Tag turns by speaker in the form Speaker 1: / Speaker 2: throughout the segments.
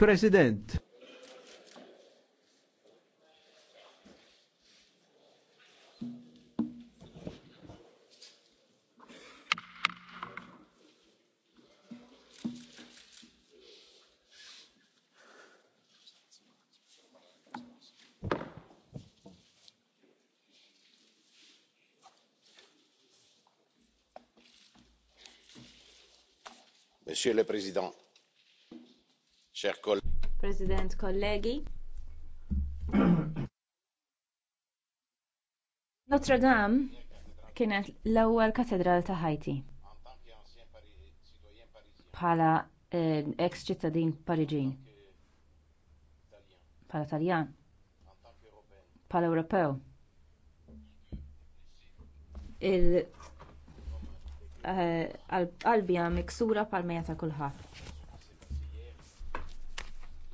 Speaker 1: President.
Speaker 2: Monsieur le Président,
Speaker 3: President, kollegi. Notre Dame kienet l-ewwel katedra ta' Ħajti. Bħala eh, ex ċittadin Pariġin. Bħala Taljan. Bħala Ewropew. Il eh, qalbija miksura pal-mejja ta' kulħadd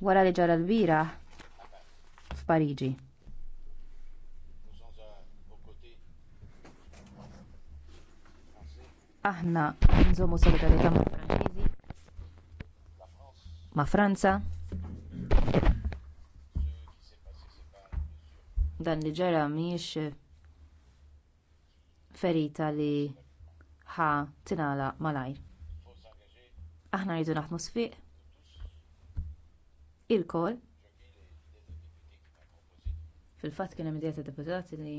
Speaker 3: wara li ġara l-bira f'Pariġi. Aħna nżomu solidarieta ma' Franċiżi, ma' Franza. Dan li ġara mhijiex ferita li ħa tinala malaj. Aħna rridu naħdmu sfiq il-kol fil-fatt kien hemm idea ta' deputati li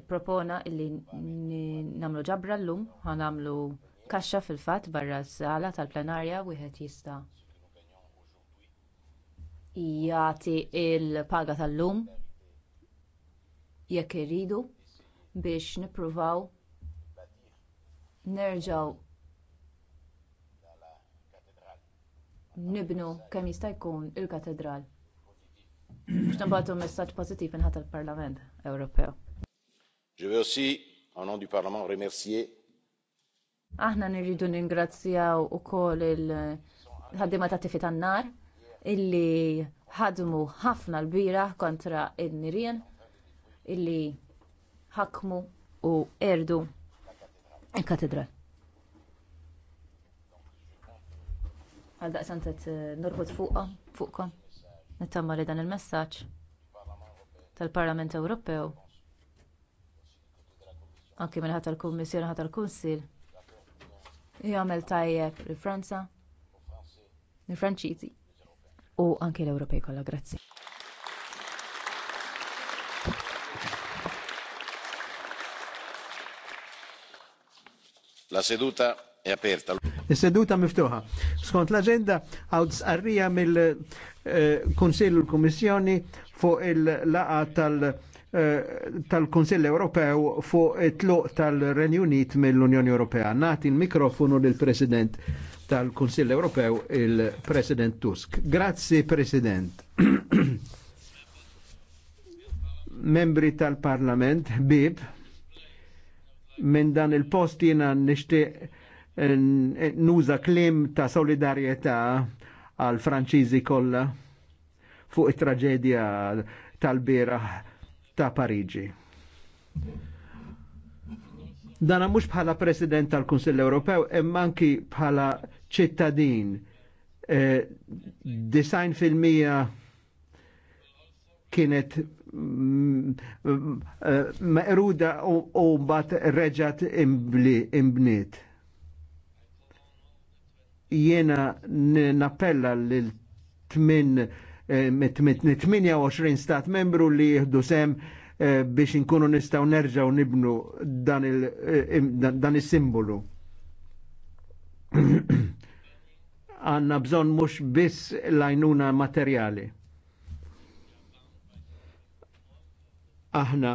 Speaker 3: ippropona li nagħmlu ġabra llum ħa nagħmlu kaxxa fil-fatt barra s-sala tal-plenarja wieħed jista' jagħti l paga tal-lum jekk iridu biex nippruvaw nerġgħu nibnu kemm jista' jkun il-katedral biex nabgħatu messaġġ pożittiv inħatta l-Parlament Ewropew.
Speaker 2: Je veux aussi au nom du Parlement remercier
Speaker 3: Aħna nirridu ningrazzjaw ukoll il-ħaddiema ta' tifi tan-nar illi ħadmu ħafna l-bira kontra n-nirien illi ħakmu u erdu il-katedral. għal daqsan qed eh, norħod fuqha fuqkom. Nittamma li dan il-messaġġ tal-Parlament Ewropew anke minn ħadd tal-Kummissjoni ħadd tal-Kunsill jagħmel tajjeb lil Franza, lil Franċiżi u anki l-Ewropej kollha grazzi.
Speaker 2: La seduta è aperta.
Speaker 1: Is-seduta miftuħa. Skont l-agenda, għaw sqarrija mill-Konsillu eh, l-Kommissjoni fuq il-laqa tal- eh, tal-Konsill Ewropew fuq it-tluq tal-Renju Unit mill-Unjoni Ewropea. Nati il-mikrofonu lill-President tal-Konsill Ewropew, il-President Tusk. Grazzi, President. Membri tal-Parlament, bib, minn dan il-post jena nishtiq nuża klim ta' solidarjetà għal franċiżi kollha fuq it-traġedja tal-bieraħ ta' Pariġi. Dana mhux bħala President tal-Kunsill Ewropew, imma anki bħala ċittadin. Eh, design fil-mija kienet mm, eh, meqruda u bat reġat imbnit. Jiena nappella lil tmin 28 eh, stat membru li jihdu sem eh, biex inkunu nistaw nerġaw nibnu dan il-simbolu. Eh, Għanna bżon mux biss lajnuna materjali. Aħna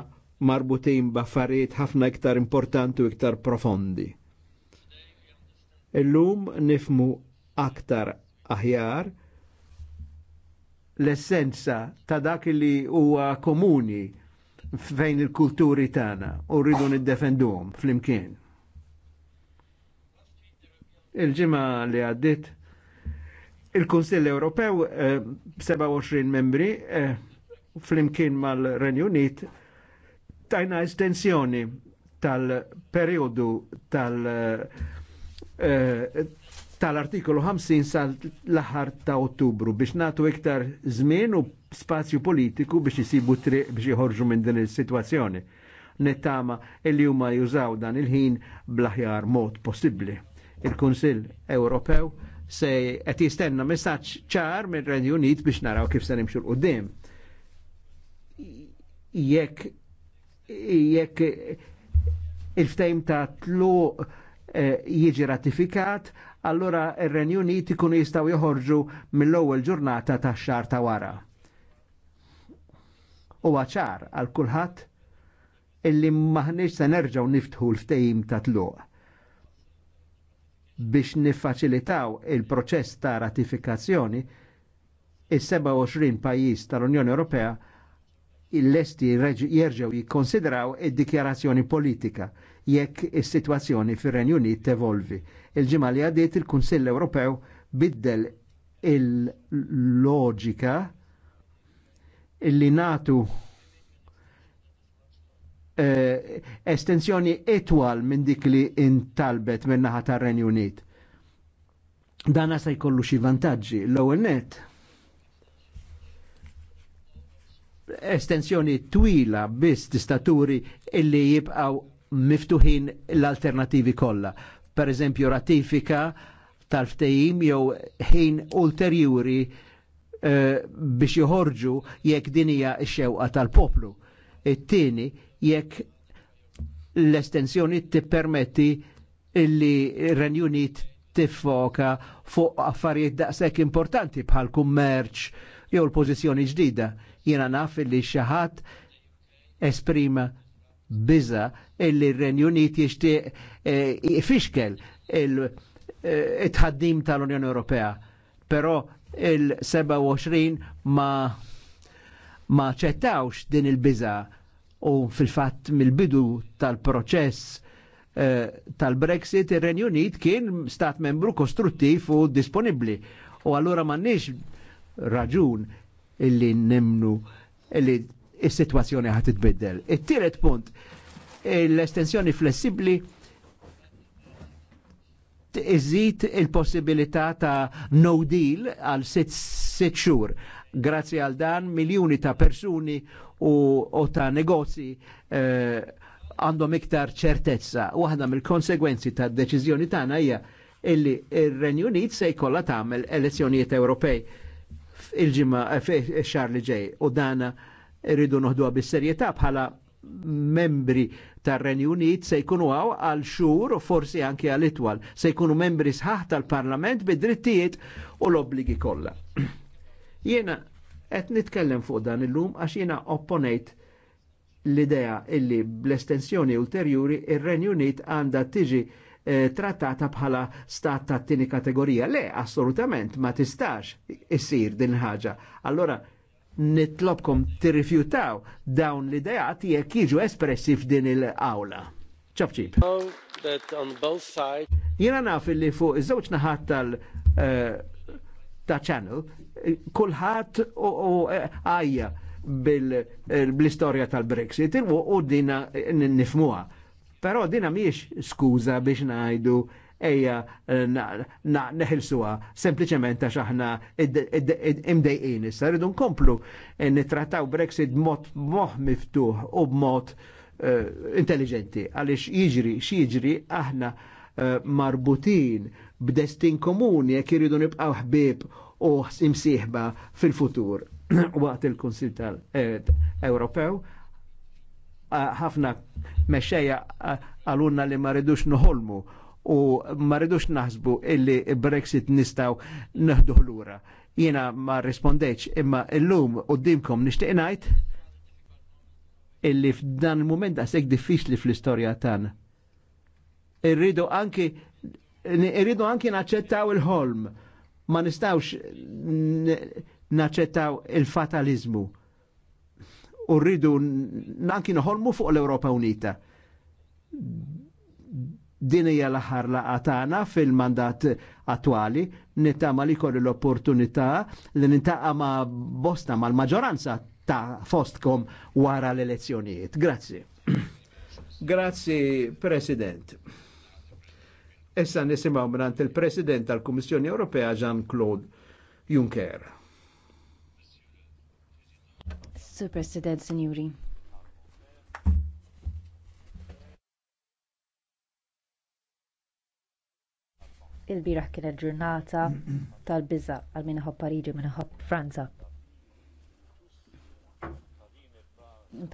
Speaker 1: marbutin baffariet ħafna iktar importanti u iktar profondi Illum nifmu aktar aħjar l-essenza ta' dak li huwa komuni fejn il-kulturi tagħna u rridu niddefenduhom flimkien. Il-ġimgħa li għaddit il-Kunsill Ewropew 27 eh, membri eh, flimkien mal-Renju Unit tajna estensjoni tal-periodu tal-, -periodu, tal Eh, tal-artikolu 50 sal-laħar ta' ottubru biex natu iktar żmien u spazju politiku biex jisibu triq biex jħorġu minn din il-situazzjoni. nettama li huma jużaw dan il-ħin blaħjar mod possibbli. Il-Kunsill Ewropew se qed jistenna messaġġ ċar minn Renju Unit biex naraw kif se nimxu l-qudiem. Jekk jekk il-ftejm ta' tluq Eh, jiġi ratifikat, allora ir-Renju Unit ikun jistgħu joħorġu mill-ewwel ġurnata tax-xahar ta' wara. Huwa ċar għal kulħadd illi maħniex se nerġgħu niftħu l-ftehim ta' tluq biex niffaċilitaw il-proċess ta' ratifikazzjoni is-27 pajjiż tal-Unjoni Ewropea il-lesti jerġgħu jikkonsidraw id-dikjarazzjoni politika jekk is-sitwazzjoni fir-Renju Unit tevolvi. Il-ġimgħa li għaddiet il-Kunsill Ewropew biddel il-loġika illi natu uh, estensjoni etwal minn dik li intalbet minn naħa tar-Renju Unit. Dana se jkollu xi vantaġġi l-ewwel net estensjoni twila biss tistaturi illi jibqaw miftuħin l-alternativi kollha. Per eżempju ratifika tal-ftehim jew ħin ulterjuri eh, biex joħorġu jekk din hija x-xewqa tal-poplu. It-tieni jekk l-estensjoni tippermetti illi Renju Unit tiffoka fuq affarijiet daqshekk importanti bħal kummerċ jew l-pożizzjoni ġdida. Jiena naf illi xi ħadd esprima biża illi r-Renju Unit jixtieq eh, ifixkel il-tħaddim eh, tal-Unjoni Ewropea. Però il-27 ma ma ċettawx din il-biża u fil-fatt mill-bidu tal-proċess eh, tal-Brexit ir-Renju Unit kien stat membru kostruttiv u disponibbli. U allura m'għandniex raġun illi nemnu illi is-sitwazzjoni ħad titbiddel. It-tielet punt, l-estensjoni flessibbli iżid il-possibilità ta' no deal għal sitt xhur. Grazzi għal dan miljuni ta' persuni u, ta' negozji eh, għandhom eh, iktar ċertezza. Waħda mill-konsegwenzi ta' deċiżjoni tagħna hija illi ir-Renju Unit se jkollha tagħmel elezzjonijiet Ewropej il-ġimgħa xahar li ġej u dana irridu noħduha bis-serjetà bħala membri tar-Renju Unit se jkunu għaw għal xhur u forsi anke għal itwal, se jkunu membri sħaħ tal-Parlament bid-drittijiet u l-obbligi kollha. jiena qed nitkellem fuq dan illum għax jiena opponejt l-idea illi bl-estensjoni ulterjuri ir-Renju Unit għandha tiġi eh, trattata bħala stat ta' tini kategorija. Le, assolutament, ma tistax issir din ħaġa. Allora, nitlobkom tirrifjutaw dawn l-idejat jekk jiġu espressi f'din il-awla. ċabċib. Jena naf li fuq iż-żewġ naħat tal- eh, ta' channel, eh, kulħadd u eh, għajja bl-istorja tal-Brexit u dina nifmuha. Però dina miex skuża biex ngħidu ejja eh, neħilsuwa sempliċement għax aħna imdejqin issa rridu nkomplu eh, nittrattaw Brexit b'mod moħ miftuħ u b'mod eh, intelligenti għaliex jiġri xieġri aħna marbutin b'destin komuni jekk iridu nibqgħu ħbieb u imsieħba fil-futur waqt il konsil tal-Ewropew ħafna mexxejja għalunna li ma rridux noħolmu u ma rridux naħsbu illi Brexit nistaw neħduh lura. Jiena ma rispondeċ imma illum u dimkom nishtiq ngħid illi f'dan il-moment għasek diffiċli fl-istorja tan. Irridu anki irridu anki naċċettaw il-ħolm, ma nistawx naċċettaw il-fatalizmu. U rridu anki noħolmu fuq l-Europa Unita Din hija l-aħħar laqgħa fil-mandat attwali nittama li kolli l-opportunità li nintaqa' ma' bosta mal-maġġoranza ta' fostkom wara l-elezzjonijiet. Grazzi. Grazzi, President. Issa nisimaw mrant il-President tal-Kummissjoni Ewropea Jean-Claude Juncker.
Speaker 3: Sur President, Signori. il-bieraħ kienet ġurnata tal-biża' għal min iħobb Pariġi minħabba iħobb Franza.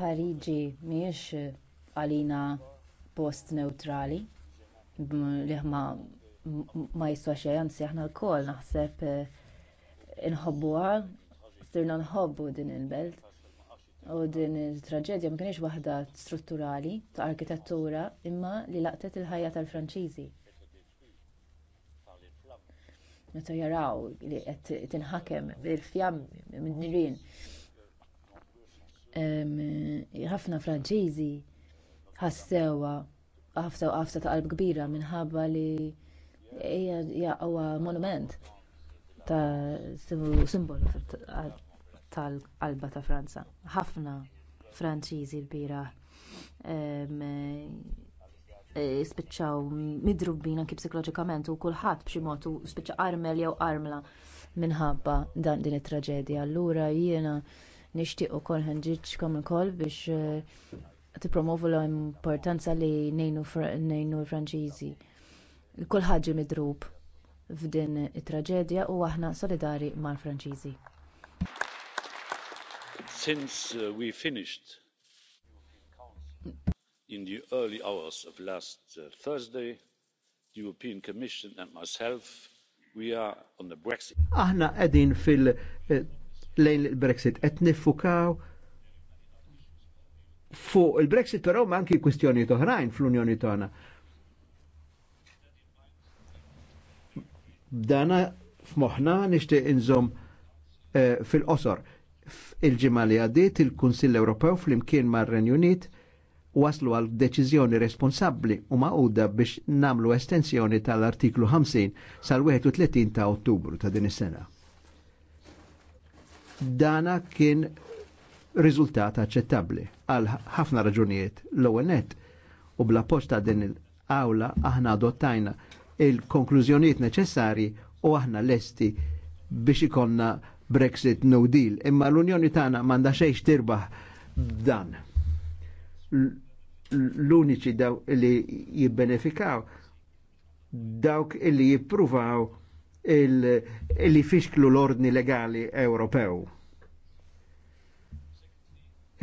Speaker 3: Pariġi mhijiex għalina post neutrali li ma ma jiswa xejn, anzi aħna lkoll naħseb eh, inħobbuha, sirna nħobbu din il-belt. U din il-traġedja ma kienx waħda strutturali ta' arkitettura imma li laqtet il-ħajja tal-Franċiżi meta jaraw li qed tinħakem bil-fjam minn nirien. Ħafna Franċiżi ħassewa ħafsa ħafsa ta' qalb kbira minħabba li hija huwa monument ta' simbolu tal-qalba ta' Franza. Ħafna Franċiżi l-bira E, spiċċaw midrubbina kif psikoloġikament u kulħadd b'xi mod spiċċa armel jew armla minħabba dan din it-traġedja. Allura jiena nixtieq ukoll ħanġiġkom ukoll biex e, tippromovu l-importanza li ngħinu l-Franċiżi. Kulħadd ġie midrub f'din it-traġedja u aħna solidari mal-Franċiżi.
Speaker 2: Since uh, we finished in the early hours of last uh, thursday the european commission and myself we are on the brexit.
Speaker 1: aħna qegħdin fil eh, lejn il-brexit qed niffukaw fuq il-brexit però ma anki kwistjonijiet oħrajn fl-unjoni tagħna. Dana f'moħħna nixtieq inżom eh, fil-qosor. Il-ġimgħa li għaddiet il-Kunsill Ewropew flimkien mar-Renju Unit waslu għal deċiżjoni responsabbli u maquda biex namlu estensjoni tal-artiklu 50 sal-31 ta' Ottubru ta' din is-sena. Dana kien riżultat aċċettabbli għal ħafna raġunijiet l-ewwel net u bla posta din il-awla aħna adottajna il-konklużjonijiet neċessarji u aħna lesti biex ikonna Brexit no deal, imma l-Unjoni tagħna m'għandha xejn tirbaħ dan l-uniċi daw li jibbenefikaw dawk illi jippruvaw illi fixklu l-ordni legali Ewropew.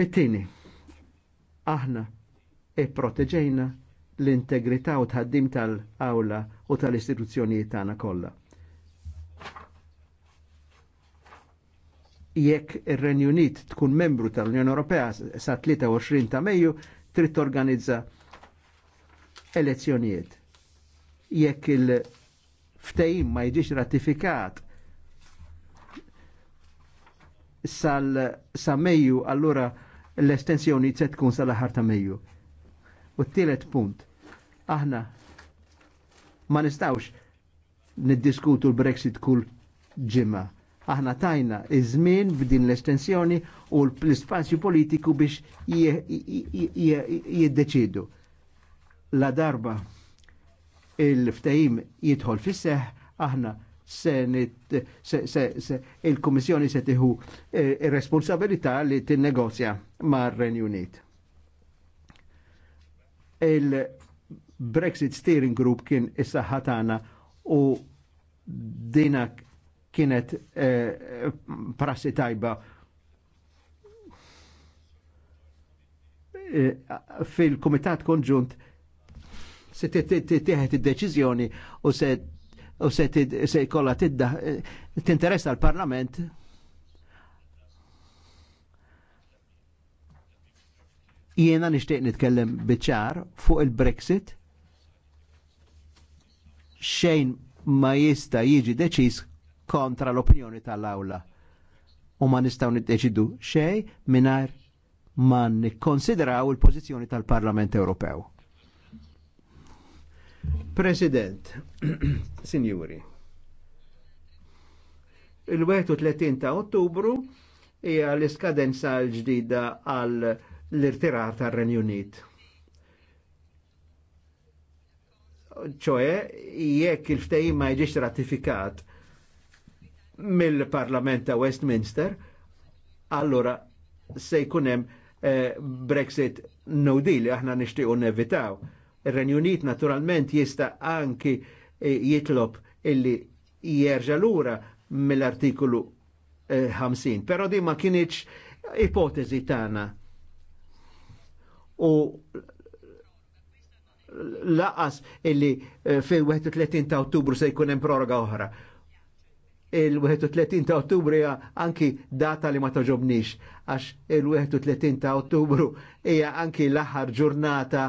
Speaker 1: It-tieni, aħna e proteġejna l-integrità u tħaddim tal-awla u tal-istituzzjonijiet tagħna kollha. Jekk ir-Renju Unit tkun membru tal-Unjoni Ewropea sa 23 ta' Mejju, trid torganizza elezzjonijiet. Jekk il-ftehim ma jiġix ratifikat sal sa Mejju allura l-estensjoni se tkun sal-aħħar ta' Mejju. U t-tielet punt, aħna ma nistawx niddiskutu l-Brexit kull ġimma. Aħna tajna iż-żmien b'din l-estensjoni u l-ispazju politiku biex jiddeċidu. La darba il-ftajim jidħol fis-seħ, aħna se il kummissjoni se tiħu eh, responsabilità li tinnegozja mar renju Unit. Il-Brexit Steering Group kien is-saħħa u dinak kienet eh, prassi tajba eh, fil-Kumitat Konġunt se tieħed id-deċiżjoni u se u se se jkollha eh, tinteressa l-Parlament jiena nixtieq nitkellem biċar fuq il-Brexit xejn ma jista jiġi deċiż kontra l-opinjoni tal-awla. U ma nistaw niddeċidu xej minar ma nikkonsideraw il-pozizjoni tal-Parlament Ewropew. President, Signori, il-31 ta' Ottubru hija l-iskadenza l-ġdida għal l irtirata renju Unit. ċoe, jekk il ftejim ma jġiġ ratifikat, mill-Parlament ta' Westminster, allora se jkun hemm eh, Brexit no deal aħna nixtiequ nevitaw. Ir-Renju Unit naturalment jista' anki eh, jitlob illi jerġa' lura mill-artikolu eh, 50, però di ma kienieċ ipotezi tagħna. U laqas illi eh, fil-31 ta' Ottubru se jkun hemm proroga oħra il-31 ta' ottubru hija anki data li ma toġobnix, għax il-31 ta' ottubru hija anki l-aħħar ġurnata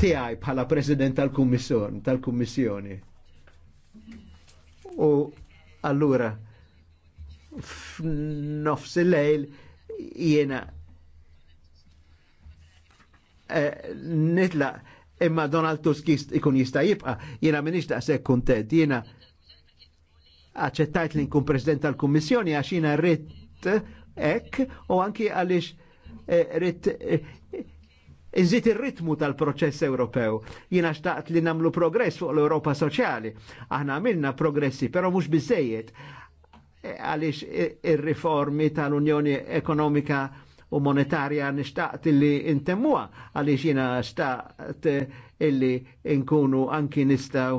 Speaker 1: tiegħi bħala President tal-Kummissjoni. Tal -kummissjoni. U allura f'nofs il-lejl jiena eh, nitla imma Donald Tusk ikun jista' jibqa' jiena m'iniex daqshekk kuntent, jiena accettajt li nkun President tal-Kummissjoni għax jiena rrit hekk u anki għaliex eh, rrit eh, Inżit ir-ritmu tal-proċess Ewropew. Jiena xtaqt li namlu progress fuq l-Europa Soċjali. Aħna għamilna progressi, però mhux biżejjed eh, għaliex ir-riformi tal-Unjoni Ekonomika u monetarja nishtaqt illi intemmuha għaliex jiena xtaqt illi nkunu anki nistaw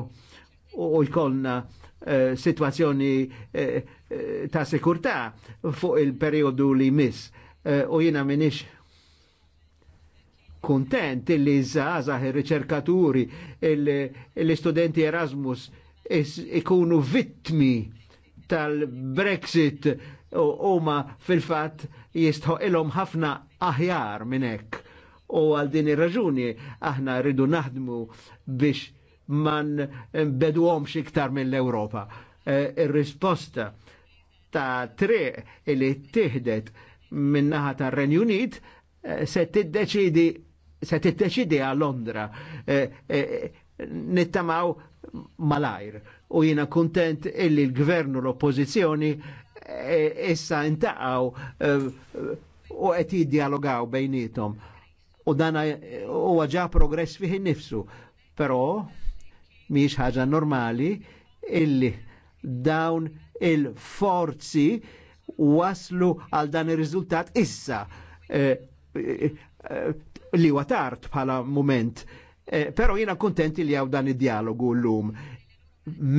Speaker 1: u jkollna Eh, situazzjoni eh, eh, ta' sekurta fuq il-periodu li miss. U jina minix kontent li zazah il-riċerkaturi, l studenti Erasmus ikunu vittmi tal-Brexit u huma fil-fatt jistħoq ilhom ħafna aħjar minn hekk. U għal din ir-raġuni aħna rridu naħdmu biex man bedwomx xiktar mill-Europa. E, il risposta ta' triq li tiħdet minnaħa ta' Renjunit Unit e, se tiddeċidi se tiddeċidi għal Londra e, nittamaw malajr u jina kontent illi l-gvernu l-oppozizjoni issa intaqaw u qed jiddialogaw bejnietom u dan huwa ġa progress fih innifsu. Però miex ħaġa normali illi dawn il-forzi waslu għal dan ir-riżultat issa eh, eh, li huwa tard bħala moment. Pero eh, Però jiena kuntenti li għaw dan id-dialogu llum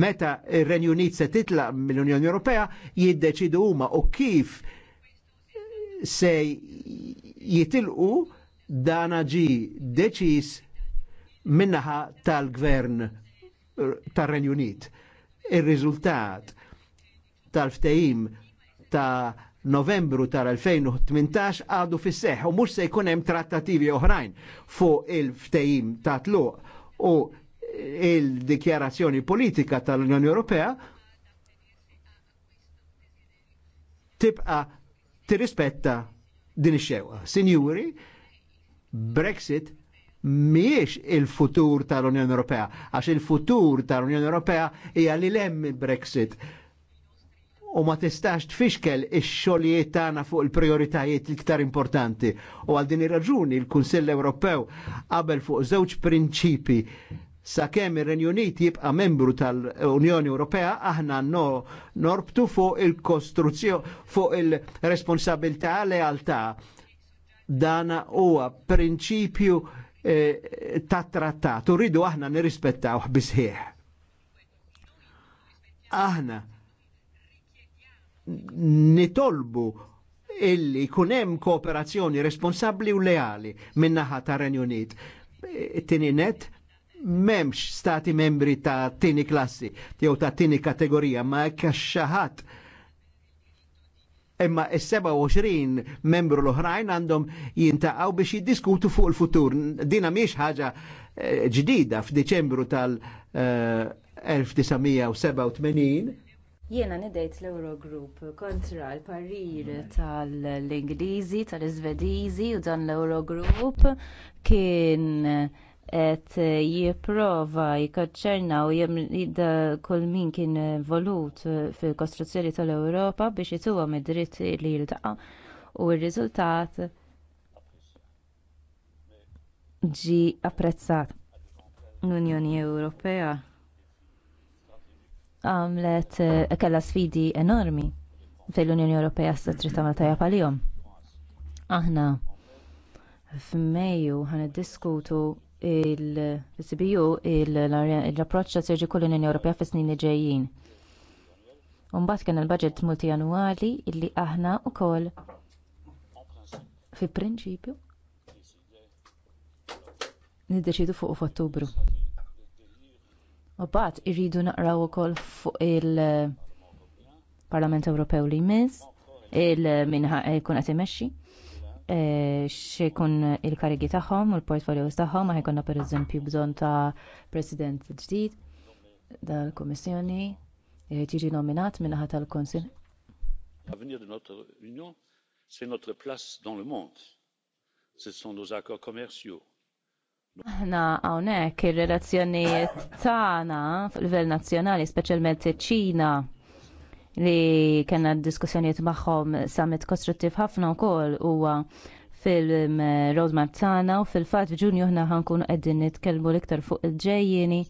Speaker 1: meta il renju Unit se titla mill-Unjoni Ewropea jiddeċidu huma u kif se jitilqu dan ġi deċis minnaħa tal-gvern tar-Renju Unit. Ir-riżultat tal-ftehim ta' novembru tal-2018 għadu fis seħ u mux se jkun hemm trattativi oħrajn fuq il-ftehim ta' tluq u il-dikjarazzjoni politika tal-Unjoni Ewropea tibqa tirrispetta din ix-xewqa. Sinjuri, Brexit miex il-futur tal-Unjoni Ewropea, għax il-futur tal-Unjoni Ewropea hija li lem il-Brexit. U ma tistax tfixkel ix-xogħlijiet tagħna fuq il-prioritajiet l-iktar importanti. U għal din ir-raġuni l-Kunsill Ewropew qabel fuq żewġ prinċipi sakemm ir-Renju Unit jibqa' membru tal-Unjoni Ewropea aħna no, norbtu fuq il-kostruzzjoni fuq il-responsabilità lealtà. Dana huwa prinċipju ta' trattat. rridu aħna nirrispettaw bisħieħ. Aħna nitolbu illi kunem kooperazzjoni responsabli u leali minnaħa ta' Renjonit. net memx stati membri ta' tini klassi, jew ta' tini kategorija, ma' kaxxaħat imma is-27 membru l-oħrajn għandhom jintaqgħu biex jiddiskutu fuq il-futur. Dina miex ħaġa eh, ġdida f'Diċembru tal-1987. Eh,
Speaker 3: Jiena nidejt l-Eurogroup kontra l-parir tal-Ingliżi, tal-Iżvediżi u dan l-Eurogroup kien et jiprova jikaċċerna u jibda kull min kien volut fil-kostruzzjoni tal-Ewropa biex jituwa mid-dritt li jiltaqa u r-riżultat ġi apprezzat. L-Unjoni Ewropea għamlet kella sfidi enormi fil-Unjoni Ewropea s-satri tamal tajja pal Aħna f'Mejju ħan diskutu il-CBU l-approċċ ta' serġi kull n unjoni Ewropea fis-snin li ġejjin. Umbat kien il-budget multijanuali illi aħna wkoll fi prinċipju niddeċidu fuq f'Ottubru. U bat irridu naqraw ukoll fuq il-Parlament Ewropew li jmiss, il-minħa kun qed Eh, kun il-karigi tagħhom u l-portfolios tagħhom ma per pereżempju bżonn ta' president ġdid dal-Kummissjoni irid jiġi nominat min-naħa tal
Speaker 2: L-avenir di notre Union, c'est notre place dans le monde. Ce sont nos accords
Speaker 1: commerciaux.
Speaker 3: Aħna hawnhekk ir-relazzjonijiet tagħna fil vel nazzjonali, speċjalment ċ-Ċina, li kena diskussjoniet maħħom summit kostruttiv ħafna u kol huwa fil-roadmap eh, tagħna u fil-fatt f'Ġunju ħna ħankun qegħdin nitkelmu l-iktar fuq il ġejjini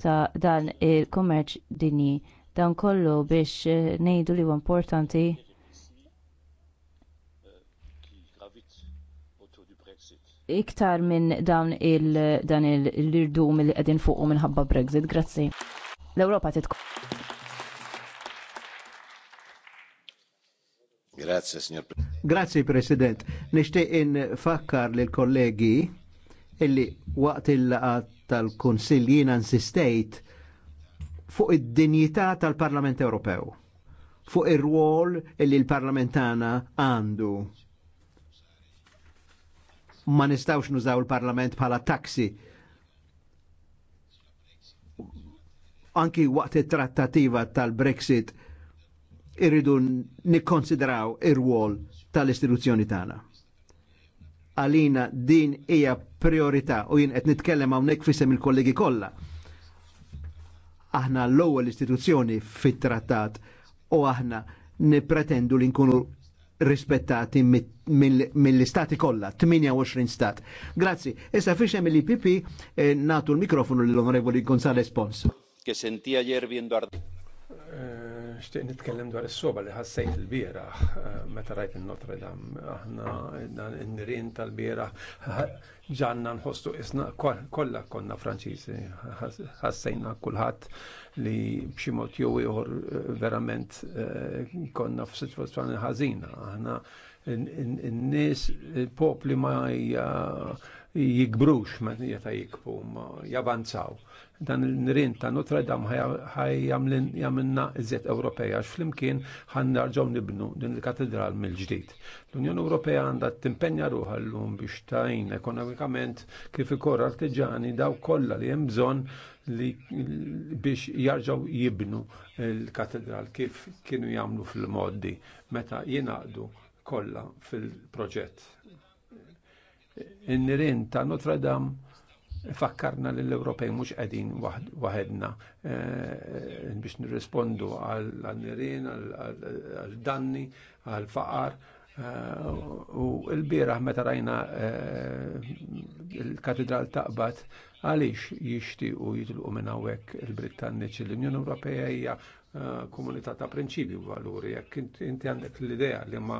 Speaker 3: ta' dan il-kummerċ dinji. Dan kollu biex eh, ngħidu li huwa importanti iktar minn dawn il-dan il-irdum li qegħdin fuqu minħabba Brexit. Grazzi. L-Ewropa titkom. Grazie,
Speaker 2: signor President.
Speaker 1: Grazie, President. Nishtiq infakkar lil kollegi illi waqt il-laqat tal-Konsil jiena insistejt fuq id-dinjità tal-Parlament Ewropew, fuq ir-rwol illi l-parlamentana għandu. Ma nistawx nużaw il-Parlament bħala taksi. Anki waqt it-trattativa tal-Brexit, irridu nikkonsidraw ir-rwol tal-istituzzjoni tagħna. Għalina din hija priorità u jien qed nitkellem hawnhekk fisem il-kollegi kollha. Aħna l-ewwel istituzzjoni fit-trattat u aħna nipretendu li nkunu rispettati mill-istati kollha, 28 stat. Grazzi. Issa fixem hemm il-IPP eh, natu l-mikrofonu lill-Onorevoli Gonzales Pons.
Speaker 4: Che sentì ieri viendo Xtiq nitkellem dwar is-soba li ħassejt il-bieraħ eh, meta rajt il-Notre Dame. Aħna dan in-nirien tal-bieraħ ġanna nħostu isna kollha konna Franċiżi. Ħassejna kulħadd li b'xi mod jew ieħor eh, verament eh, konna f'sitwazzjoni ħażina. Aħna n-nies il-popli ma jikbrux meta jikbu ma javanzaw dan il-nirin ta' Notre Dame ħajjamlinna iżiet Ewropeja għax flimkien ħan narġgħu nibnu din il-katedral mill-ġdid. L-Unjoni Ewropea għandha timpenja l llum biex tajn ekonomikament kif ikor artiġani daw kollha li hemm bżonn li biex jarġgħu jibnu l-katedral kif kienu jagħmlu fil-moddi meta jenaqdu kollha fil-proġett. in nirin ta' Notre Dame fakkarna li l-Ewropej mhux qegħdin waħedna eh, biex nirrispondu għal-nirien, għal-danni, għal-faqar. Eh, u l-bieraħ meta rajna eh, l katedral taqbad għaliex jixtiequ jitilqu minn hawnhekk il-Brittanniċi l-Unjoni Ewropea hija komunità ta' prinċipi u valuri. Jekk inti għandek l-idea li ma,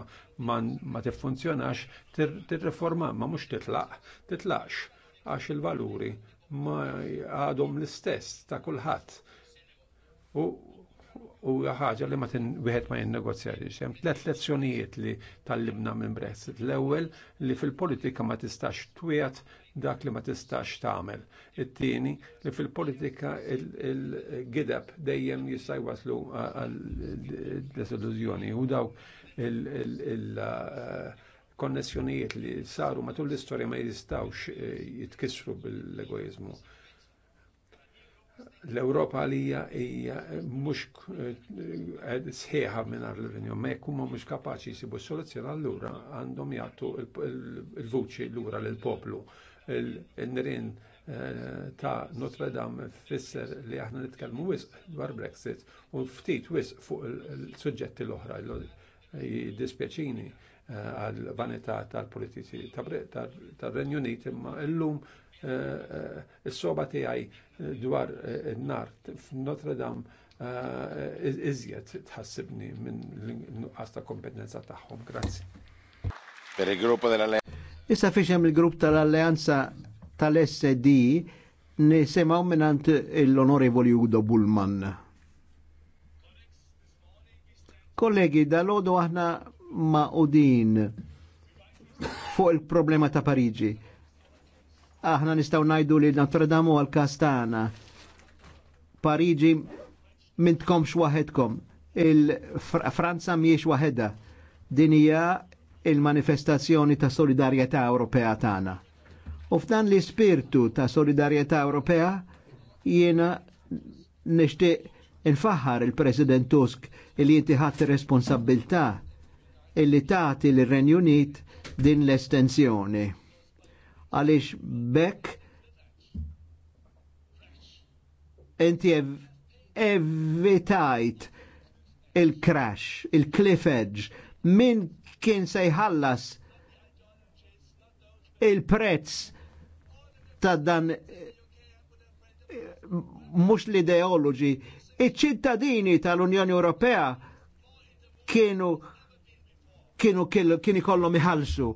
Speaker 4: tiffunzjonax, tirreforma, ma mhux titlaq, titlaqx għax il-valuri ma għadhom l-istess ta' kulħadd. U u ħaġa li ma tin wieħed ma jinnegozjari hemm tliet lezzjonijiet li tal-libna minn Brexit. L-ewwel li fil-politika ma tistax twiet dak li ma tistax tagħmel. It-tieni li fil-politika il-gideb dejjem jista' għal desiluzjoni u dawk il- uh, konnessjonijiet li saru matul l-istorja ma jistawx eh, jitkissru bil-egoizmu. L-Europa għalija hija eh, mhux eh, sħiħa mingħajr l-Unjon, ma jekk huma mhux kapaċi jsibu s-soluzzjoni allura għandhom jagħtu l-vuċi lura lill-poplu. Il-nirien ta' Notre Dame fisser li aħna nitkellmu wisq dwar Brexit u ftit wisq fuq il-suġġetti l-oħra dispjaċini Eh, għal vanità tal-politiċi tal-Renju Unit imma illum eh, eh, is-soba tiegħi dwar in-nar f'Notre Dame iżjed tħassibni minn l nuqqas ta' kompetenza tagħhom. Grazzi. Per il-gruppo della Issa fiexem il-grupp tal-Alleanza
Speaker 1: tal-SD nisimaw minnant l-Onorevoli Udo Bullman. Kollegi, dal-ħodu aħna ma' udin fuq il-problema ta' Pariġi. Aħna nistaw najdu li Notre Dame għal kastana. Pariġi mintkomx waħedkom. Il-Franza miex waħedha. Dinija il-manifestazzjoni ta' solidarjetà Ewropea tagħna. U f'dan l-ispirtu ta' solidarjetà Ewropea jiena nixtieq infaħħar il-President Tusk li jinti ħadd responsabilità illi taħti l renjunit din l-estensjoni. Għalix bekk inti evitajt il-crash, il-cliff edge, min kien se jħallas il-prezz ta' dan mux l-ideologi, iċ-ċittadini tal-Unjoni Ewropea kienu kienu kien ikollhom iħallsu.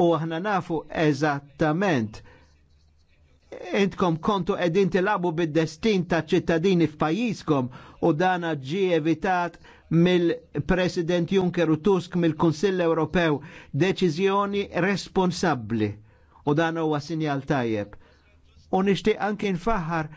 Speaker 1: U aħna nafu eżattament intkom kontu edin tilabu bid-destin ta' ċittadini f'pajjiżkom u dana ġi evitat mill-President Juncker u Tusk mill-Kunsill Ewropew deċiżjoni responsabbli u dan huwa sinjal tajjeb. U nixtieq anke nfaħar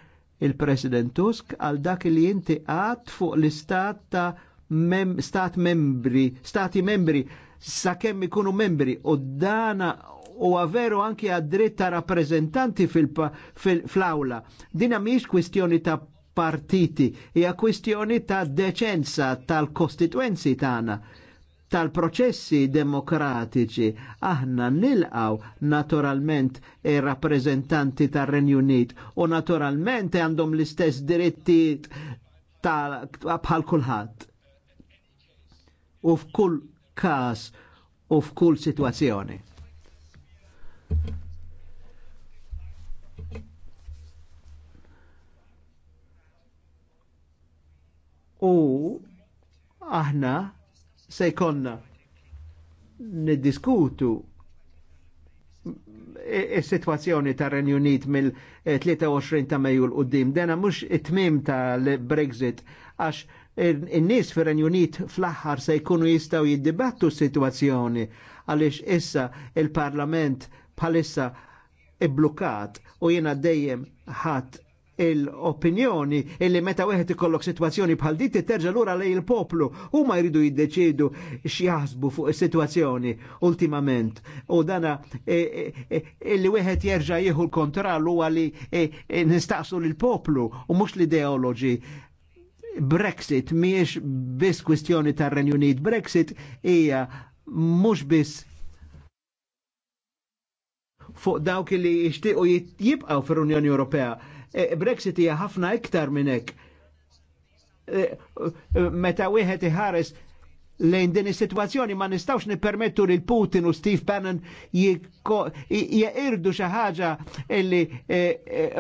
Speaker 1: il-President Tusk għal dak li inti għad fuq l-istat ta' mem, stat membri, stati membri sakemm ikunu membri u dana u għaveru anki għad rappresentanti fil flawla Fil Dina miex kwistjoni ta' partiti, hija kwistjoni ta' decenza tal-kostituenzi tana. tal-proċessi demokratiċi. Aħna nilqaw naturalment ir-rappreżentanti tar-Renju Unit u naturalment għandhom l-istess diritti bħal kulħadd u f'kull każ u f'kull sitwazzjoni. U aħna se jkollna niddiskutu il-situazzjoni e, e ta' Renju Unit mill-23 ta' Mejju l-qoddim. Dena mhux it-tmim ta' Brexit għax in-nies fir-Renju Unit fl-aħħar se jkunu jistgħu jiddibattu s-sitwazzjoni għaliex issa il-Parlament bħalissa iblukat u jiena dejjem ħat il-opinjoni illi meta wieħed ikollok sitwazzjoni bħal dit terġa' lura lej il-poplu huma jridu jiddeċidu x'jaħsbu fuq is-sitwazzjoni ultimament. U dana e, e, e, illi wieħed jerġa' jieħu l kontrollu huwa li nistaqsu lill poplu u mhux l-ideoloġi Brexit miex bis kwistjoni tar renju Unit, Brexit hija mhux biss fuq dawk li jixtiequ jibqaw fir-Unjoni Ewropea. E, Brexit hija ħafna iktar minn hekk. E, e, meta wieħed iħares lejn din is-sitwazzjoni ma nistawx nippermettu lil Putin u Steve Bannon jirdu xi ħaġa illi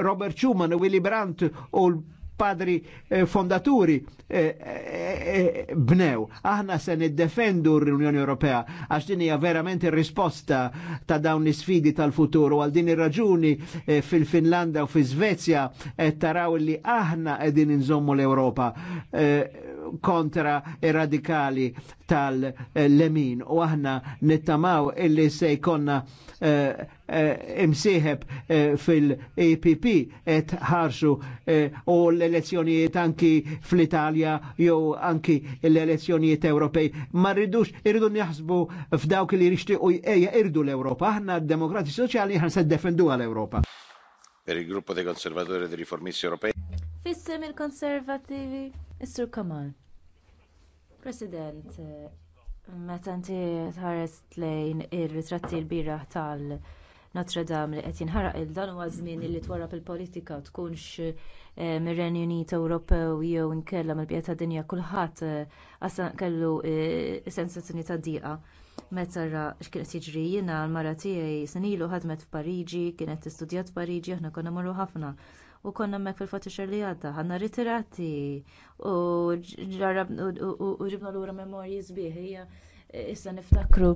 Speaker 1: Robert Schuman u Willy Brandt u padri eh, fondaturi eh, eh, bnew. Aħna se niddefendu l-Unjoni Ewropea għax din hija verament ir-risposta ta' dawn l-sfidi tal-futur u għal din ir-raġuni fil-Finlanda u fil-Svezja taraw li aħna qegħdin inżommu l-Ewropa kontra ir-radikali tal-lemin u aħna nittamaw illi se jkonna eh, eh, imsieħeb eh, fil-EPP et ħarsu u l-elezzjonijiet anki fl-Italja jew anki l-elezzjonijiet Ewropej. Ma rridux, irridu njaħsbu f'dawk li rixti u eja irdu l ewropa Aħna demokrati soċjali ħan se defendu għal ewropa Per il gruppo dei conservatori e dei riformisti europei.
Speaker 3: Fissem il-konservativi, Is-Sur Kamal. President, meta inti tħares lejn ir-ritratti l bieraħ tal- Notre Dame li qed jinħaraq il dan huwa żmien li twara fil politika tkunx eh, mir-Renju Unit Ewropew jew inkella mill-bqija tad dinja kulħadd eh, kellu eh, sensazzjoni ta' diqa. Meta ra x'kienet jiġri jiena l-mara tiegħi senilu ħadmet f'Pariġi, kienet tistudjat f'Pariġi, aħna konna morru ħafna u konna mek fil-fatixer li għadda, ħanna ritirati u ġibna l-ura memorji zbieħ, e, issa niftakru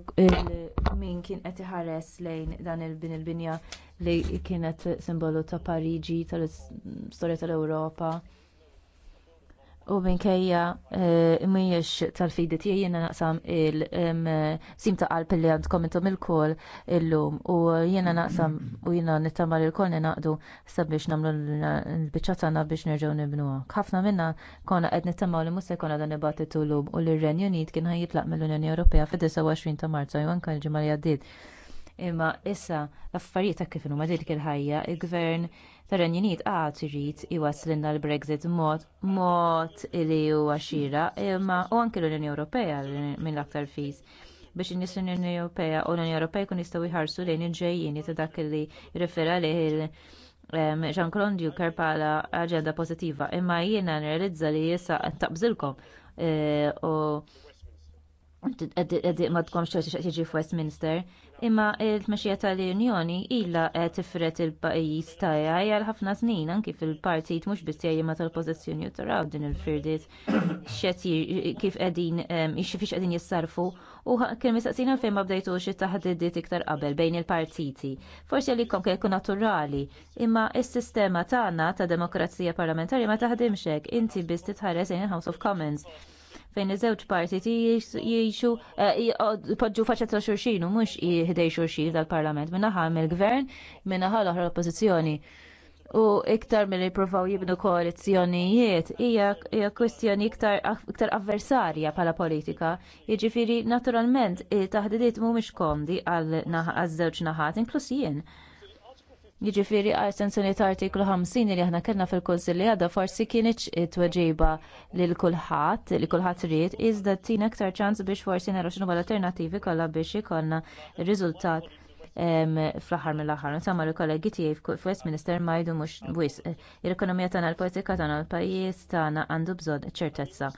Speaker 3: min kien qed iħares lejn dan il-bin il-binja li kienet simbolu ta' Pariġi, tal-istorja tal-Ewropa. tal tal istorja tal ewropa u minkejja eh, mhijiex tal-fidi tiegħi jiena naqsam il-sim ta' qalb li għandkom intom il-kol illum u jiena naqsam u jiena nittamar il-kol naqdu sabiex nagħmlu l-biċċa tagħna biex nerġgħu nibnuha. Ħafna minna konna qed nittamaw li se jkollna dan ibattitu llum u l renju Unit kien ħajitlaq mill-Unjoni Ewropea fid-29 ta' Marzu jew anke l-ġimgħa li għaddiet imma issa l-affarijiet ta' kif huma dik il-ħajja il-gvern tar għad irid iwaslinna l-Brexit mod mod li huwa xira imma u anke l-Unjoni Ewropea minn aktar fis biex in-nies l-Unjoni Ewropea u l-Unjoni Ewropea kun jistgħu jħarsu lejn il-ġejjieni ta' dak li jirrifera lih Jean-Claude Juncker bħala aġenda pożittiva imma jiena nirrealizza li issa qed taqbżilkom u ma tkomx ċerti xaqt jiġi f'Westminster imma il-tmexxija tal-Unjoni ilha qed tifret il-pajjiż tajja għal ħafna snin anki fil-partit mhux biss ma tal-pożizzjoni taraw din il-firdiet kif qegħdin fiex qegħdin jissarfu u kien mistaqsina fejn ma bdejtux it-taħdidiet iktar qabel bejn il-partiti. Forsi li kien ikun naturali, imma s-sistema tagħna ta' demokrazija parlamentarja ma taħdimx hekk, inti biss titħares lejn il-House of Commons fejn iż-żewġ partit jiexu eh, podġu faċċa ta' xurxin u mhux jihdej xurxin tal-Parlament minnaħa mill-Gvern minnaħa l-oħra oppożizzjoni. U iktar mill jippruvaw jibnu koalizzjonijiet hija kwestjoni iktar avversarja bħala politika. Jiġifieri naturalment taħdidiet mhumiex kondi għal żewġ naħat inkluż jien. Jiġifieri għal sensuni ta' artiklu 50 li aħna kellna fil-Kunsill li għadha forsi kienx tweġiba lil kulħadd li kulħadd ried iżda tina aktar ċans biex forsi nara x'inhu l-alternattivi kollha biex ikollna riżultat fl-aħħar mill-aħħar. Insomma l-kollegi tiegħi f'Westminster ma jdu mhux wis. Il-ekonomija tagħna l-politika tagħna l-pajjiż tagħna għandu bżonn ċertezza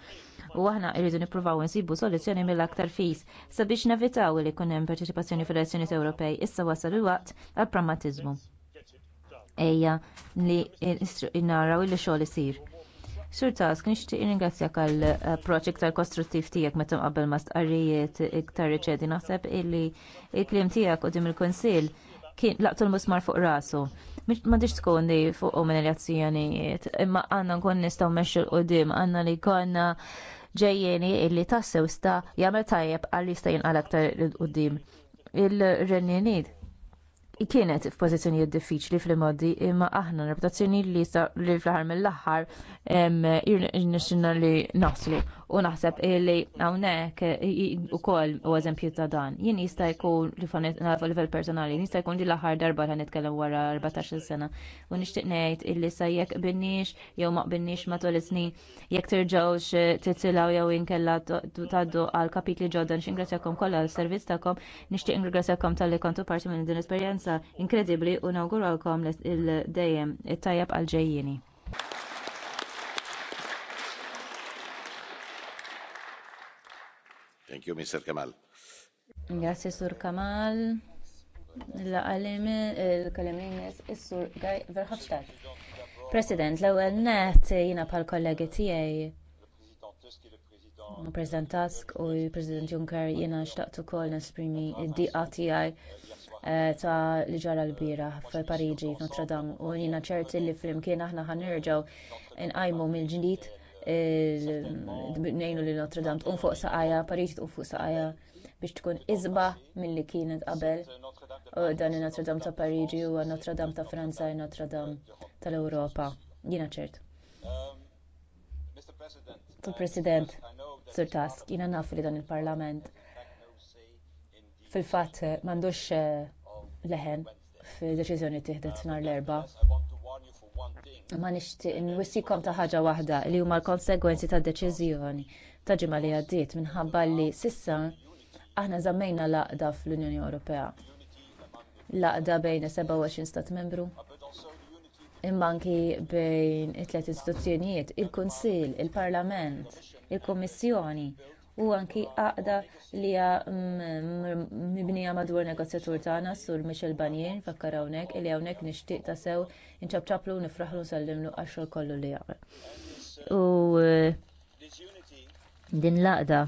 Speaker 3: u aħna rridu nippruvaw insibu soluzzjoni mill-aktar fis sabiex nevitaw li jkun hemm parteċipazzjoni fil-elezzjonijiet Ewropej issa wasal il-waqt għall pragmatiżmu ejja li naraw illi xogħol isir. Sur Task, nixtieq ringrazzjak għal eh, approċċ iktar kostruttiv tiegħek meta qabel ma stqarrijiet iktar riċedi naħseb illi il-kliem tiegħek qudiem il-Kunsill kien laqtu l-musmar fuq rasu. M'għandix tkun li fuq minn reazzjonijiet, imma għandna nkun nistgħu mexxu l-qudiem, għandna li konna ġejjeni illi tassew sta jagħmel tajjeb għal jista' jinqal aktar il-qudiem. Il-Renju kienet f'pożizzjonijiet diffiċli fil-modi imma aħna reputazzjoni li li fl-aħħar mill-aħħar irnexxinna li naslu u naħseb li hawnhekk ukoll u eżempju ta' dan. Jien jista' jkun li fuq livell personali, jista' jkun li l-aħħar darba ta' nitkellem wara 14 sena u nixtieq ngħid illi sa jekk binniex jew ma tol matul is-snin jekk terġgħux titilgħu jew inkella tgħaddu għal kapitli ġodda nixingrazzjakom kollha għall-servizz tagħkom, nixtieq ingrazzjakom tal-li kontu parti minn din l-esperjenza ħolsa inkredibli u nawguralkom il-dejjem it-tajjeb għal ġejjieni. Thank you, Mr. Kamal. Grazie, Sur Kamal. L-għalim, l kalimin il sur Gaj Verhofstadt. President, l għal net jina pal kollegi tiegħi President Tusk u President Juncker jiena xtaqtu kol nesprimi d drti Eh, ta' li ġara l-bira f'Pariġi, Notre Dame, u jiena ċerti li flimkien aħna ħanerġgħu nqajmu mill-ġdid eh, nejnu li Notre Dame tqum fuq saqajja, Pariġi tqum fuq saqajja biex tkun mill milli kienet qabel dan il-Notre Dame ta' Pariġi u Notre Dame ta' Franza u Notre Dame tal-Ewropa. Jiena ċert. Um, Sur President, Sur Task, jiena naf li dan il-Parlament fil-fatt eh, m'għandux eh, leħen f'deċiżjoni tieħdet nhar l-erba' ma nixtieq inwissikom ta' ħaġa waħda li huma l-konsegwenzi tad-deċiżjoni ta' ġimgħa li għaddiet minħabba li s'issa aħna żammejna l aqda fl-Unjoni Ewropea. l aqda bejn 27 stat membru imma anki bejn it-tliet istituzzjonijiet il-kunsill il-parlament il-kummissjoni u anki għaqda li mibnija madwar negozjatur tana, sur Michel Barnier fakkar hawnhekk li hawnhekk nixtieq ta' sew inċabċablu nifraħlu sallimlu għax kollu li jagħmel. U eh, din laqda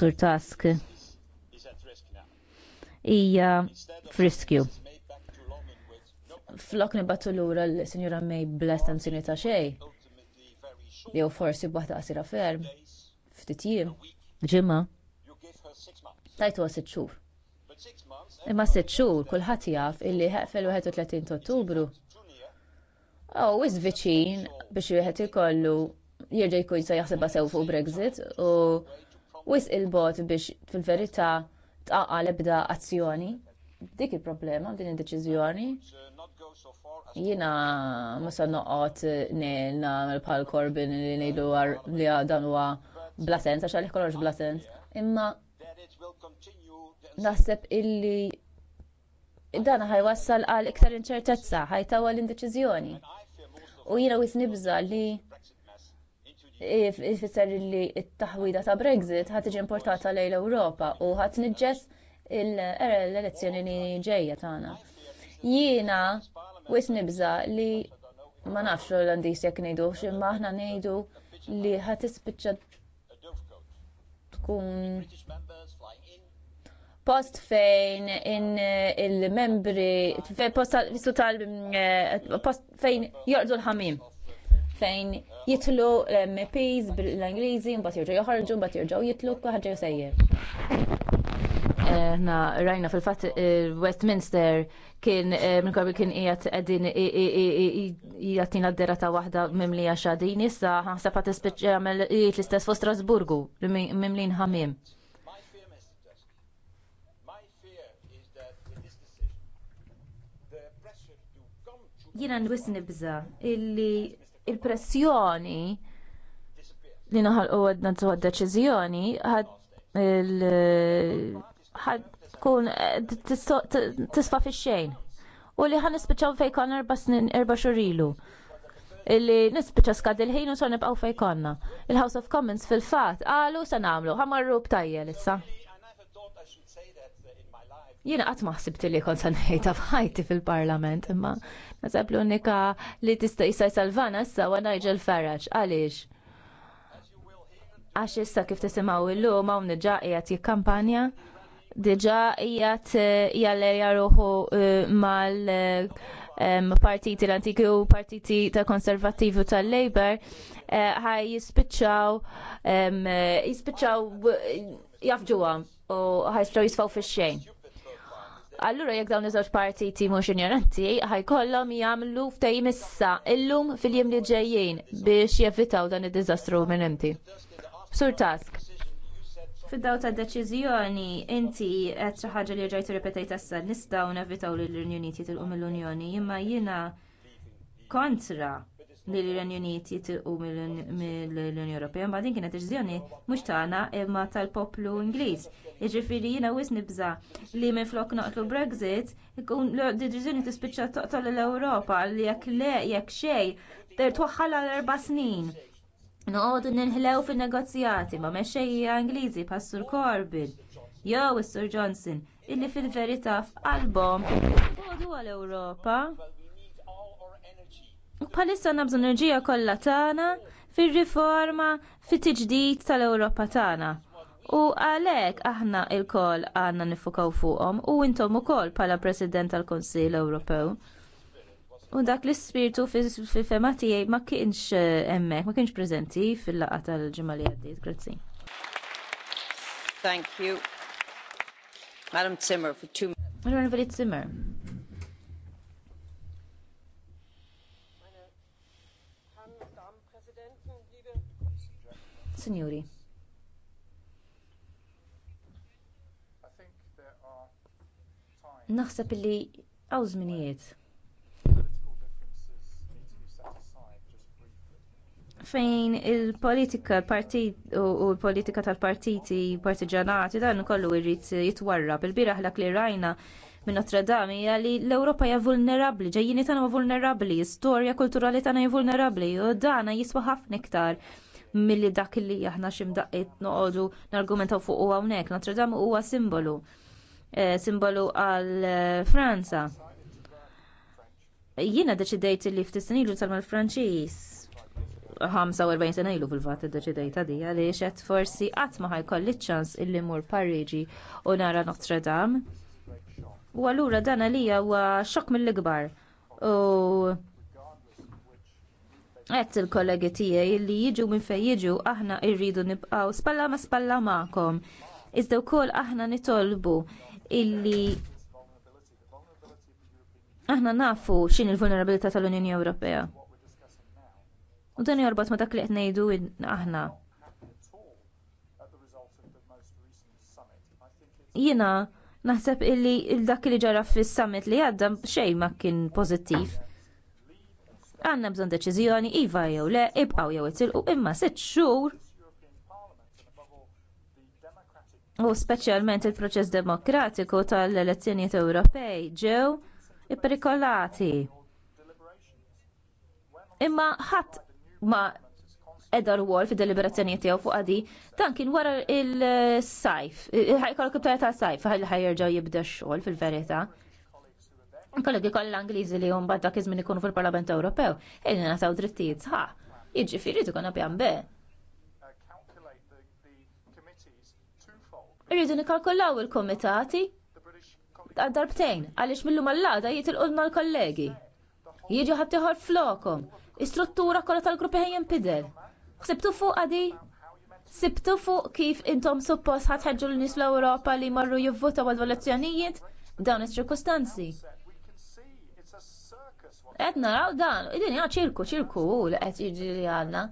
Speaker 2: Sur Task hija friskju
Speaker 3: flok l lura l-Sinjura May bless tamsini ta' xej, jew forsi b'waħda qasira ferm ftit jiem Ġimma. Tajtu sitt xhur. Imma sitt xhur kulħadd jaf illi fil-31 ta' Ottubru Oh wis viċin biex wieħed ikollu jirġa' jkun se jaħseb sew fuq Brexit u wis il-bot biex fil-verità tqaqqa l-ebda azzjoni dik il-problema din id-deċiżjoni. Jiena musa noqgħod nagħmel pal Corbin li ngħidu li għadan u bla għaxa għax għalih kollox Imma naħseb illi dan wassal għal iktar inċertezza, ħajtawa l-indeċiżjoni. U jiena wis nibża li ifisser li t taħwida ta' Brexit ħat iġi importata lejl l Ewropa u ħat nidġess l-elezzjoni li ġejja tagħna. Jiena wis nibża li ma nafx l-Olandis jekk ngħidu imma aħna ngħidu li ħadd tispiċċa tkun post fejn in il-membri, post eh, post fejn jorqdu l-ħamim, fejn jitlu MPs bil-Ingliżi, mbagħad jerġgħu joħorġu, mbagħad jerġgħu jitlu, jew sejjer. Na, rajna fil-fatt eh, Westminster kien eh, minn qabel kien qiegħed qegħdin ijatin d-dera ta' waħda mimlija xadin issa ħansab ħadd ispiċċa jagħmel l-istess fu Strasburgu nħamim. Jina Jiena n-wis nibża illi il-pressjoni li naħal u għadna d-deċiżjoni il- tkun eh, tisfa fi xejn. U li ħan nispiċaw fejkon erba snin xurilu. Illi nispiċa skad il-ħin u son nibqaw fejkonna. Il-House of Commons fil-fat, għalu san għamlu, għamarru btajja issa. Jiena qatt ma ħsibt li san sanħejta f'ħajti fil-parlament, imma nasab l-unika li tista' jisaj salvana issa wa Nigel Farage. Għaliex? Għax issa kif tisimaw il hawn diġà qiegħed jikkampanja diġa jgħat eh, jallerja ruħu eh, mal eh, partiti l-antiki u partiti ta' konservativu tal-Labor ħaj jispiċċaw jispiċċaw jafġuwa u ħajstraw jisfaw fi xejn. Allura jekk dawn iż-żewġ partiti mhux ignoranti ħajkollhom jagħmlu ftehim issa illum fil-jiem li ġejjin biex jevitaw dan id-diżastru inti. Sur task Fid-daw ta' deċiżjoni inti qed xi ħaġa li rġajt irrepetejt issa nistgħu nevitaw li l-Renju Unit jitilqu mill-Unjoni, imma jiena kontra li l-Renju Unit jitilqu mill-Unjoni Ewropea, imma din kienet deċiżjoni mhux tagħna imma tal-poplu Ingliż. Jiġifieri jiena wis nibża li minflok noqtlu Brexit ikun deċiżjoni tispiċċa toqtol l-Ewropa li jekk le jekk xejn twaħħalha l-erba' snin Noqogħdu ninħlew fin-negozjati ma' mexxejja Ingliżi bħas Sur Corbyn jew is-Sur Johnson illi fil-verità f'qalbhom għodu għall-Ewropa. U bħalissa nabżu enerġija kollha tagħna fir-riforma fit-tiġdid tal-Ewropa tagħna. U għalhekk aħna lkoll għandna nifukaw fuqhom u intom ukoll bħala President tal-Kunsill Ewropew. U dak l-ispirtu fil-fema tiegħi ma kienx hemmhekk, eh, ma kienx prezenti fil-laqgħa tal-ġimgħa li Grazie. Thank you. Madam Zimmer for two minutes. Madam Zimmer. Signori. Naħseb li għaw fejn il-politika partit u l-politika tal-partiti partiġanati dan kollu jrid jitwarrab. Il-biraħ dak li rajna minn Notre Dame hija li l-Ewropa hija vulnerabbli, ġejjini tagħna vulnerabbli, storja kulturali tagħna hija vulnerabbli u dana jiswa ħafna iktar milli dak li aħna ximdaqqiet noqogħdu nargumentaw fuq hawnhekk. Notre Dame huwa simbolu, e, simbolu għal e, Franza. Jiena deċidejt li ftit snin tal-mal-Franċiż 45 sena ilu fil-vat id deċidejt di għaliex qed forsi qatt ma kolli ċans illi mur Pariġi u nara Notre Dame. U allura dan għalija huwa xokk mill-ikbar. U qed il-kollegi tiegħi illi jiġu minn fejn jiġu aħna rridu nibqgħu spalla ma spalla maħkom. Iżda wkoll aħna nitolbu illi aħna nafu x'in il-vulnerabilità tal-Unjoni Ewropea U dan jorbot ma dak li qed ngħidu aħna. Jiena naħseb illi dak li ġara fis-summit li għadda xejn ma kien pożittiv. Għandna bżonn deċiżjoni iva jew le, ibqgħu jew itilqu imma sitt xhur U speċjalment il-proċess demokratiku tal-elezzjonijiet Ewropej ġew ipperikolati. Imma ħadd ma' Edgar Wall fi deliberazzjoni tiegħu fuq għadi, dan kien wara il-sajf, ħajkollok ibtajja ta' sajf, ħalli ħajjerġaw jibda x-xogħol fil-verità. Kollegi l Angliżi li hum bad dak iż-żmien ikunu fil-Parlament Ewropew, ejna nataw drittijiet sħaħ. Jiġifieri tkun pjan B. Irridu nikalkollaw il-komitati għad darbtejn għaliex millu mal-lada jitilqulna l-kollegi. Jiġu ħabtiħor flokom Istruttura kollha tal-gruppi ħejjen jimpidel. Sibtu fuq għadi Sibtu fuq kif intom suppos ħatħedġu l nis l-Europa li marru jivvuta għal-volezzjonijiet dawn il ċirkustanzi
Speaker 2: Qed naraw dan, id-dini għad ċirku, ċirku li qed jiġri għandna.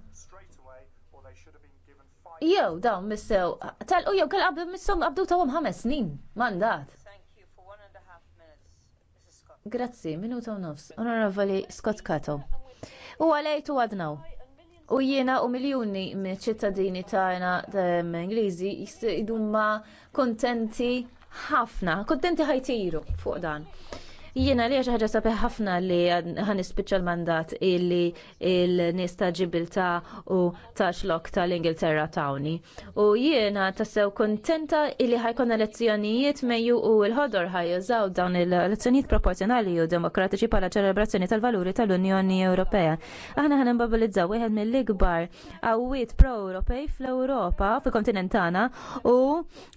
Speaker 3: Jow, dawn missew talqu jew kell qabel missew ta' għom ħames snin mandat. Grazzi, minuta u nofs. Onorevoli Scott Cato u għalajt u għadnaw. U jiena u miljoni minn ċittadini tagħna ehm, Ingliżi idumma kontenti ħafna, kontenti ħajtiru fuq dan. Jiena li ħaġa sabiħ ħafna li ħan l-mandat illi il-nies ta' ġibilta u ta' xlok tal-Ingilterra tawni. U jiena tassew kontenta illi ħajkonna elezzjonijiet meju u l-ħodor ħajużaw dawn il-elezzjonijiet proporzjonali u demokratiċi pala ċelebrazzjoni tal-valuri tal-Unjoni Ewropea. Aħna ħan imbabilizzaw wieħed mill-ikbar għawit pro-Ewropej fl-Ewropa, fil-kontinentana, u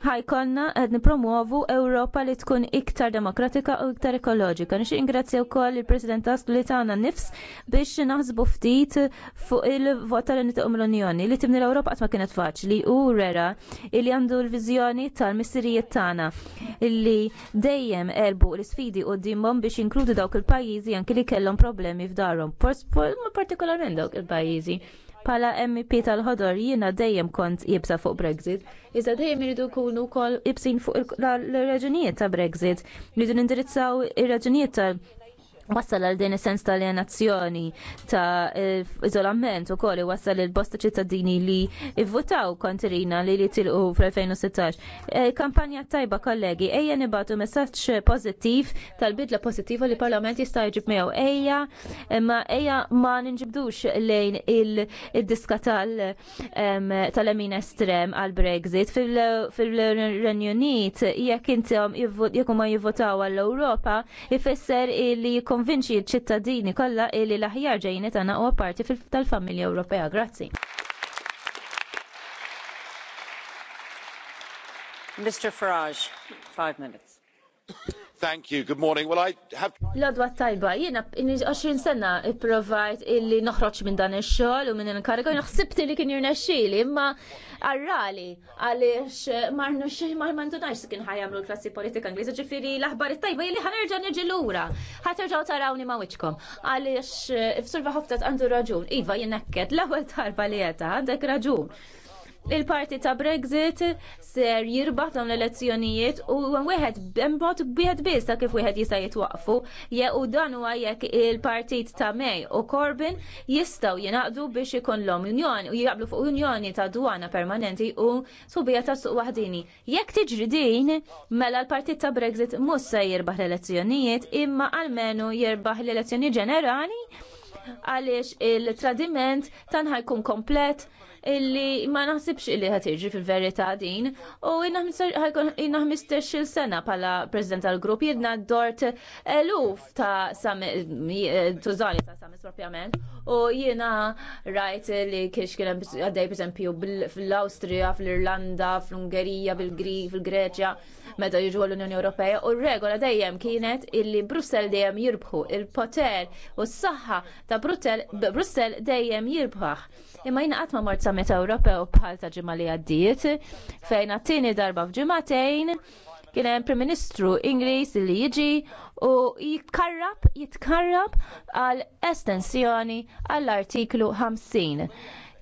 Speaker 3: ħajkonna qed nipromuovu Ewropa li tkun iktar demokratika u iktar ekoloġika ekoloġika. Nix ingrazzja wkoll il-President Taslu li tagħna nifs biex naħsbu ftit fuq il-vot tal-Unitqom umm l-Unjoni li tibni l-Ewropa qatt ma kienet faċli u rera li għandu l-viżjoni tal-missirijiet tagħna li dejjem erbu l-isfidi quddiemhom biex inkludu dawk il-pajjiżi anki li kellhom problemi f'darhom, partikolarment dawk il-pajjiżi. Pala MP tal-ħodor jiena dejjem kont jibsa fuq Brexit. Iżda dejjem iridu kunu kol ibsin fuq l raġunijiet ta' Brexit. Rridu nindirizzaw ir-raġunijiet tal wassal għal din is-sens ta' alienazzjoni ta' iżolament u koll wassal il-bosta ċittadini li ivvutaw kontrina li li tilqu fl-2016. Eh, kampanja tajba kollegi, ejja nibatu messaġġ pozittiv tal-bidla pozittiva li parlament jista' jġib miegħu ejja ma ejja ma ninġibdux lejn il-diska tal-emin estrem għal Brexit fil-Renju Unit jekk intom jekk ma jivvotaw għall-Ewropa ifisser li ikkonvinċi ċ-ċittadini kollha li l-aħjar ġejjin tagħna huwa parti tal-familja Ewropea. Grazzi. Mr. Farage, five minutes.
Speaker 2: Thank you. Good morning. Well, I have
Speaker 3: L-adwa tajba, jiena 20 sena ipprovajt illi noħroġ minn dan ix-xogħol u minn il-kariga naħsibt li kien jirnexxieli, imma għarrali għaliex marnu xejn ma m'għandunajx se kien ħajamlu l-klassi politika Ingliża ġifiri l-aħbar tajba illi ħanerġa' l lura. Ħaterġgħu tarawni ma' wiċkom. Għaliex f'surva eh, ħoftat għandu raġun. Iva jien l-ewwel tarba li għandek raġun il-parti ta' Brexit ser jirbaħ dawn l-elezzjonijiet u wieħed bimbot wieħed biss ta' kif wieħed jista' jitwaqfu u dan huwa jekk il-partit ta' May u Corbyn jistgħu jingħaqdu biex ikollhom unjoni u jaqblu fuq unjoni ta' dwana permanenti u subija ta' suq waħdini. Jekk tiġri din, mela l-partit ta' Brexit mhux se jirbaħ l-elezzjonijiet imma għalmenu jirbaħ l-elezzjoni ġenerali għaliex il-tradiment tan ħajkun komplet illi ma naħsibx illi ħatiġi fil-verità din u inna 15 sena pala president tal-grupp d dort eluf ta' eh, tużani ta' samis propjament u jiena rajt li kiex kienem għaddej per fil-Austria, fil-Irlanda, fil-Ungerija, fil-Greċja meta jiġu l-Unjoni Ewropea u r-regola dejjem kienet illi Brussel dejjem jirbħu il-poter u s-saħħa ta' Brussel dejjem jirbħu. Imma jina għatma marza summit Ewropew bħal ta' ġimgħa li għaddiet fejn għattini darba f'ġimagħtejn kien hemm Prim Ministru Ingliż li jiġi u jitkarrab jitkarrab għal estensjoni għall-artiklu 50.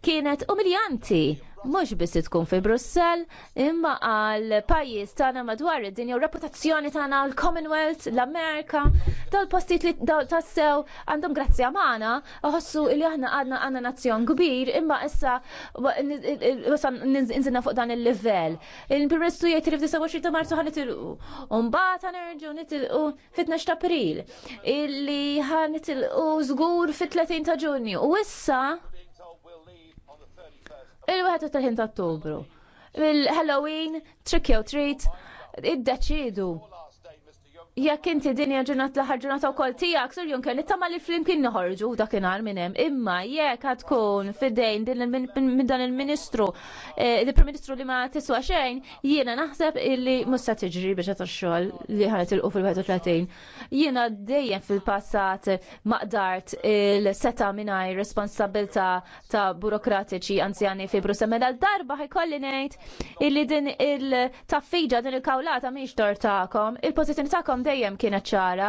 Speaker 3: Kienet umiljanti mhux biss tkun fi Brussell, imma għal pajjiż tagħna madwar id-dinja u reputazzjoni tagħna għal Commonwealth, l-Amerika, daw l-postijiet li daw tassew għandhom grazzja magħna, ħossu li aħna għadna għandna nazzjon kbir, imma issa ninżilna fuq dan il-livell. Il-Primistru jgħid li f'29 ta' Marzu ħanitilqu. Umbagħad ħanerġgħu nitilqu fit-12 ta' April, illi ħanitilqu żgur fit-30 ta' Ġunju. U issa il-1 tal-ħin ta' ottobru. Il-Halloween, trick or treat, id-deċidu jekk inti dinja ġurnat l ġurnat u wkoll tiegħek sur li tamma li flimkien u dakinhar minn hemm. Imma jekk għatkun tkun fidejn minn dan il-Ministru, eh, il-Prim Ministru li ma tiswa xejn, jiena naħseb illi musta tiġri biex qed xogħol li ħanet ilqu fil-31. Jiena dejjem fil-passat maqdart il-seta mingħajr responsabilità ta' burokratiċi anzjani fi Brusa Mela darba ħajkolli ngħid illi din il-taffiġa din il-kawlata mhix tortakom, il-pożizzjoni tagħkom tagħhom dejjem kienet ċara.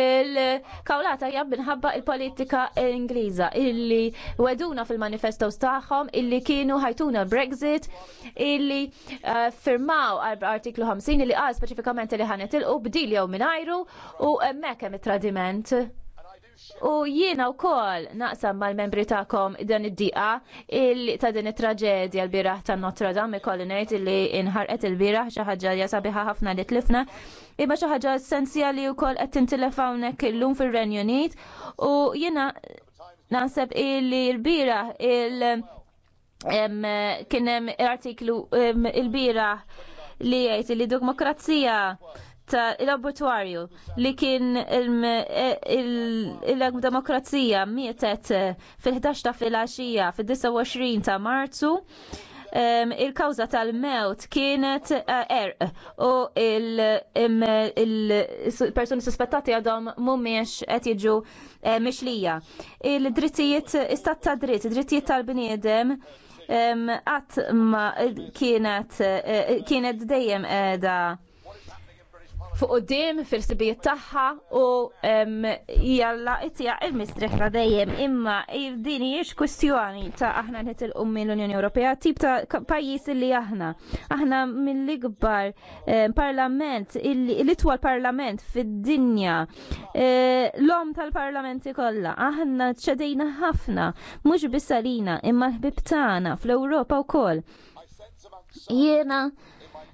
Speaker 3: Il-kawlata hija minħabba il-politika Ingliża illi weduna fil-manifestos tagħhom illi kienu ħajtuna Brexit illi uh, firmaw artiklu 50 illi qal speċifikament li ħanet il-qbdil jew minajru u hemmhekk hemm it-tradiment. U jiena u kol naqsam mal-membri ta'kom dan id-diqa ta' din it-traġedja l-biraħ ta' Notre Dame ikolli ngħid li inħarqet il-biraħ xi ħaġa li jasabiħa ħafna li tlifna. Imma xi ħaġa essenzjali wkoll qed tintilef hawnhekk illum fir-Renju Unit u jiena naħseb li l-biraħ il- kien artiklu il-biraħ li il li demokrazija il-abortuarju li kien il-demokrazija mietet fil-11 ta' fil-axija fil-29 ta' marzu il-kawza tal-mewt kienet eh, er u il-personi suspettati għadhom mumiex qed jiġu eh, mixlija. Il-drittijiet, istat ta' dritt, drittijiet tal-bniedem għat ma kienet eh, kienet dejjem edha fuq dim fil-sibijiet tagħha u jalla it-tija il-mistriħra dejjem imma din hijiex kwestjoni ta' aħna il-ummi mill-Unjoni Ewropea tip ta' pajjiż li aħna. Aħna mill-ikbar parlament l-itwal parlament fid-dinja e, l-om tal-parlamenti kollha aħna ċedejna ħafna mhux bisalina imma l bibtana tagħna fl-Ewropa wkoll. Jiena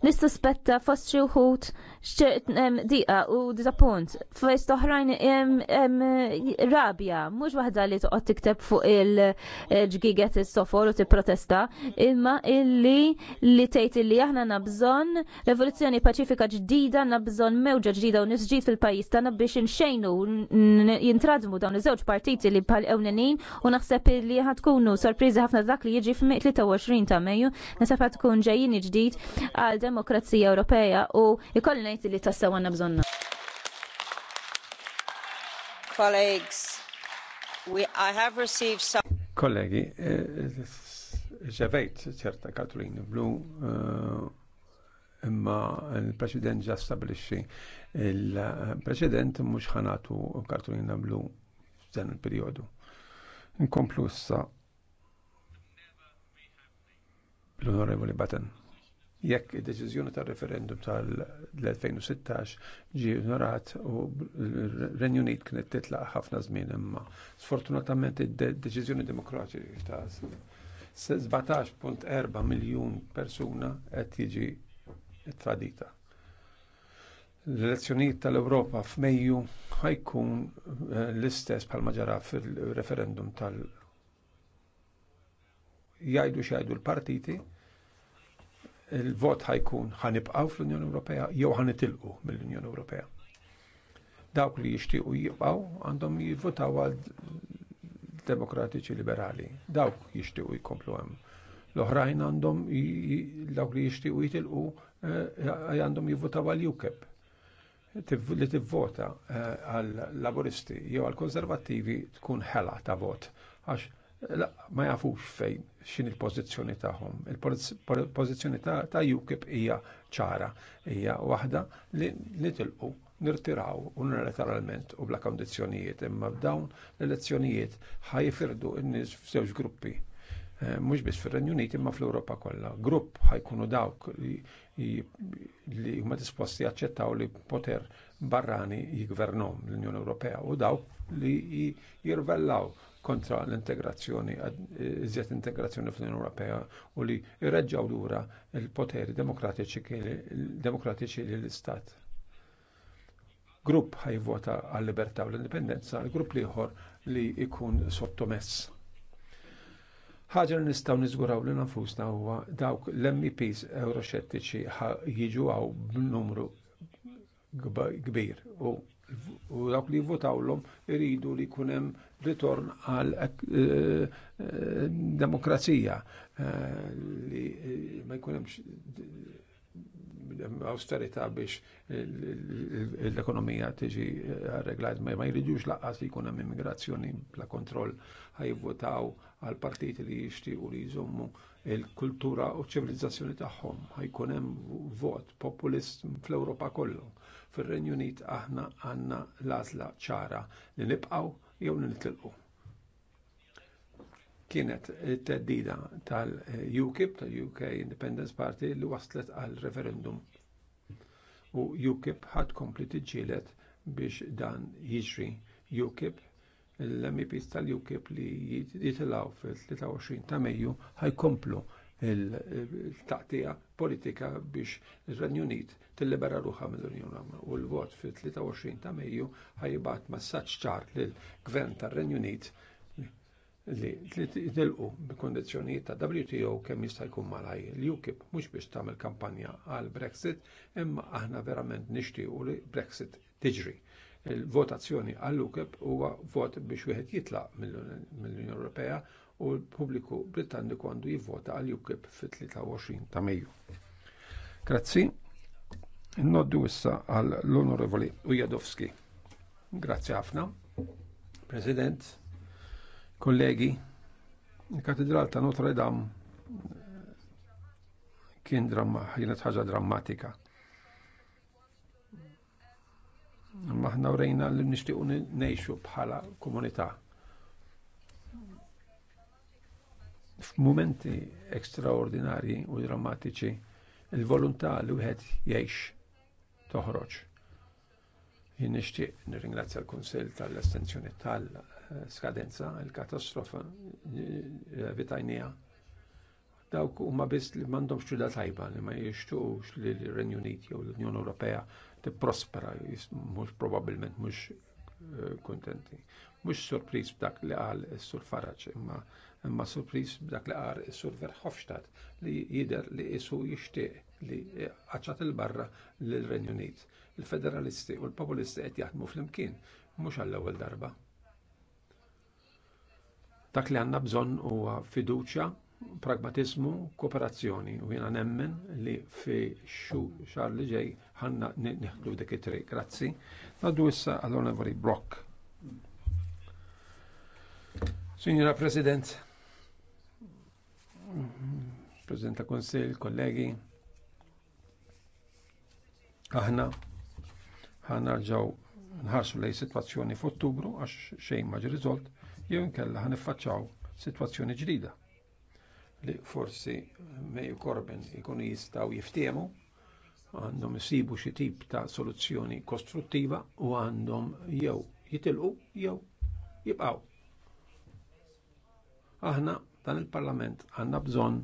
Speaker 3: nistaspetta fost xi wħud xċert diqa u disappunt. Fest oħrajn rabja, mux wahda li toqgħod tikteb fuq il-ġgiget il-sofor u tipprotesta, imma illi li tgħid illi aħna nabżon revoluzzjoni paċifika ġdida, nabżon mewġa ġdida u nisġid fil-pajjiż tagħna biex inxejnu jintradmu dawn iż-żewġ partiti li bħal ewnenin u naħseb illi ħadkunu sorpriżi ħafna dak li jiġi f'23 ta' Mejju, naħseb tkun ġejjin ġdid għal demokrazija Ewropea u ikollna ngħid li tassew għandna bżonna. Colleagues, we, I have received some...
Speaker 4: Kollegi, ġevejt eh, ċerta Katrin Blu eh, imma il-President ġa stabilixxi il-President mhux ħanatu Katolina Blu f'dan il-perjodu. Nkomplu sa l-Onorevoli Batten jekk id-deċiżjoni tal-referendum tal-2016 ġie ignorat u r-Renju Unit kienet titlaq ħafna żmien imma sfortunatament id-deċiżjoni demokratiċi ta' 17.4 miljun persuna qed jiġi tradita. L-elezzjonijiet tal-Ewropa f'Mejju ħajkun eh, l-istess bħal maġara fil-referendum tal- jgħidu x'jgħidu l-partiti, il-vot ħajkun ħanibqaw fl-Unjoni Ewropea jew ħanitilqu mill-Unjoni Ewropea. Dawk li jixtiequ jibqaw għandhom jivvotaw għal demokratiċi liberali. Dawk jixtiequ jkomplu hemm. L-oħrajn għandhom dawk li jixtiequ jitilqu eh, għandhom jivvotaw għal UKIP e li tivvota eh, għal laboristi jew għal konservattivi tkun ħela ta' vot għax la, ma jafux fejn xin il-pozizjoni tagħhom. Il-pozizjoni ta' UKIP hija ċara, hija waħda li nitilqu nirtiraw unilateralment u bla kondizzjonijiet imma b'dawn l-elezzjonijiet ħajfirdu n-nies f'żewġ gruppi. Eh, mhux biss fir-Renju Unit imma fl-Ewropa kollha. Grupp ħajkunu dawk li huma disposti jaċċettaw li poter barrani jigvernom l-Unjoni Ewropea u daw li jirvellaw kontra l-integrazzjoni, iżjed integrazzjoni fl-Unjoni Ewropea u li jirreġġaw lura il-poteri demokratiċi li l-Istat. Grupp ħajvota għal-libertà u l-indipendenza, grupp liħor li ikun sottomess ħaġa li nistgħu niżguraw li nafusna huwa dawk l-MEPs euroxettiċi jiġu għaw b'numru kbir u u dawk li votawlhom iridu li jkun hemm ritorn għal eh, eh, demokrazija eh, li ma jkunem austerita biex l-ekonomija tiġi reglajt ma jridux laqqas li jkun hemm immigrazzjoni bla kontroll ħajvotaw għal partiti li jixtiequ li jżommu il-kultura u ċivilizzazzjoni tagħhom ħajkunem vot populist fl-Ewropa kollu Fir-Renju Unit aħna għandna l-għażla ċara li nibqgħu jew li nitilqu. Kienet it-teddida tal-UKIP, tal-UK Independence Party, li waslet għal referendum. U UKIP ħad kompli tiġġielet biex dan jiġri. UKIP l mps e tal-UKIP li jitilaw fil-23 ta' Mejju ħajkomplu il-taqtija politika biex ir-Renju Unit tillibera ruħa mill-Unjoni u l-vot fit-23 ta' Mejju ħajibgħat massaċ ċar lill gvern tar-Renju Unit li tilqu b'kondizzjonijiet ta' WTO kemm jista' jkun malaj. L-UKIP mhux biex tagħmel kampanja għal Brexit, imma aħna verament nixtiequ li Brexit tiġri. Il-votazzjoni għall-UKIP huwa vot biex wieħed jitlaq mill-Unjoni Ewropea u l-pubbliku Britanniku għandu jivvota għal UKIP fit-23 ta' Mejju. Grazzi. Noddu issa għal l-Onorevoli Ujadowski. Grazzi ħafna. President, kollegi, il-Katedral ta' Notre Dame kien dramma, kienet ħaġa drammatika. Maħna urejna li nishtiqu nejxu bħala komunità f'mumenti ekstraordinarji u drammatiċi il-volontà li wieħed jgħix toħroġ. Jien nixtieq nirringrazzja l-Kunsill tal-estensjoni tal-skadenza il-katastrofa vitajnija. Dawk huma biss li m'għandhomx ċuda tajba li ma jixtuqux li l-Renju Unit jew l-Unjoni Ewropea tipprospera mhux probabbilment mhux eh, kuntenti. Mhux sorpriż b'dak li qal is-Sur Faraġ imma imma surpriż dak li qar is-sur Verhofstadt li jidher li qisu jixtieq li qaċċat il-barra lill-Renju Unit. Il-Federalisti u l-Populisti qed jaħdmu flimkien mhux għall-ewwel darba. Dak li għandna bżonn huwa fiduċja pragmatizmu, kooperazzjoni u jena nemmen li fi xu xar li ġej ħanna neħdu dik it-tri. Grazzi. Naddu issa għall-Onorevoli Brock. Signora President, Presidenta Konsil, kollegi, aħna rġaw nħarsu lej situazzjoni f'Ottubru għax xejn ma riżolt jew inkella ħaniffaċċaw situazzjoni ġdida li forsi Meju Corbin ikunu jistgħu jiftiemu għandhom isibu xi tip ta' soluzzjoni kostruttiva u għandhom jew jitilqu jew jibqgħu. Aħna dan il-Parlament għandna bżonn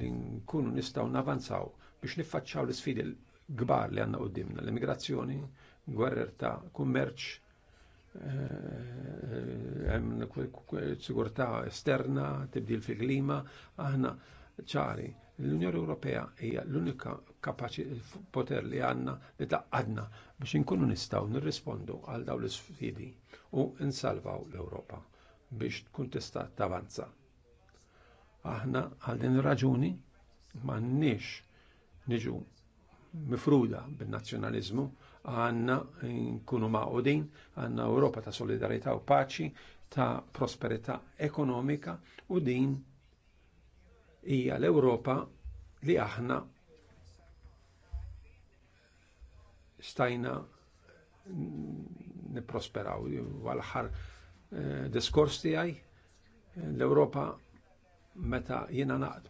Speaker 4: li nkunu nistgħu navanzaw biex niffaċċaw l-isfidi kbar li għandna qudiemna, l-immigrazzjoni, gwerrer ta' kummerċ, eh, sigurtà esterna, tibdil fil-klima, aħna ċari l-Unjoni Ewropea hija l-unika kapaċi poter li għandna li taqqadna biex inkunu nistgħu nirrispondu għal dawn l isfidi u nsalvaw l-Ewropa biex tkun tista' tavanza. Aħna għal din raġuni m'għandniex niġu mifruda bin-nazzjonaliżmu, għanna nkunu maqodin għandna Ewropa ta' solidarità u paċi, ta' prosperità ekonomika u din hija l-Ewropa li aħna stajna niprosperaw. Għal-ħar eh, diskors tiegħi l-Ewropa meta jiena naqt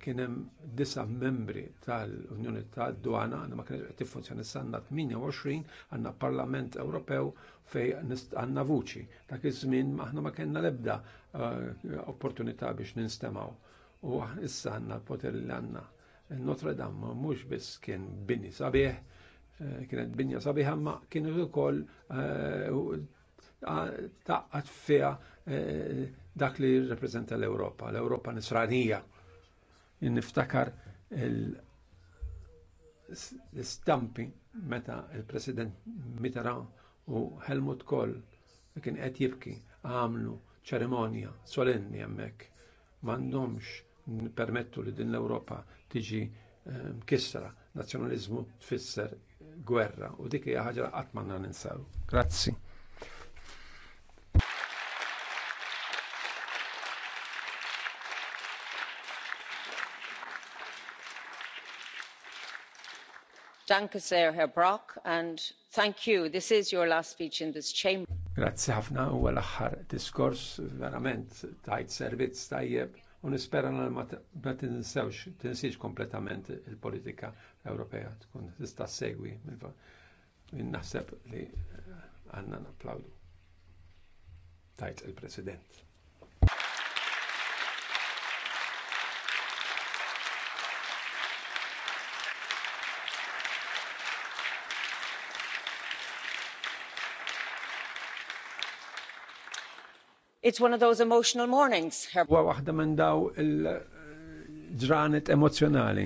Speaker 4: kien hemm disa membri tal-Unjoni tad-Dwana ma kien qed tiffunzjoni s-sanna 28 għandna Parlament Ewropew fejn għandna vuċi. Dak iż-żmien aħna ma kellna l-ebda eh, opportunità biex ninstemaw. U issa għandna l-poter li għandna. Notre Dame mhux biss kien bini sabiħ, eh, kienet binja sabiħa ma kienu ukoll eh, taqqat fija dak li jirrappreżenta l-Ewropa, l-Ewropa nisranija. Niftakar l-istampi meta il-President Mitterrand u Helmut Kohl li kien qed jibki għamlu ċerimonja solenni hemmhekk m'għandhomx permettu li din l-Ewropa tiġi eh, mkissra nazzjonaliżmu tfisser gwerra u dik hija ħaġa qatt ma ninsew. Grazzi. Grazzi ħafna u għall aħħar diskors verament tajt servizz tajjeb u nispera li ma tinsewx tinsiex kompletament il-politika Ewropea tkun tista' segwi naħseb li eh, għandna napplawdu. Tajt il-President. It's one of those emotional mornings. Wa waħda minn daw il-ġranet emozjonali,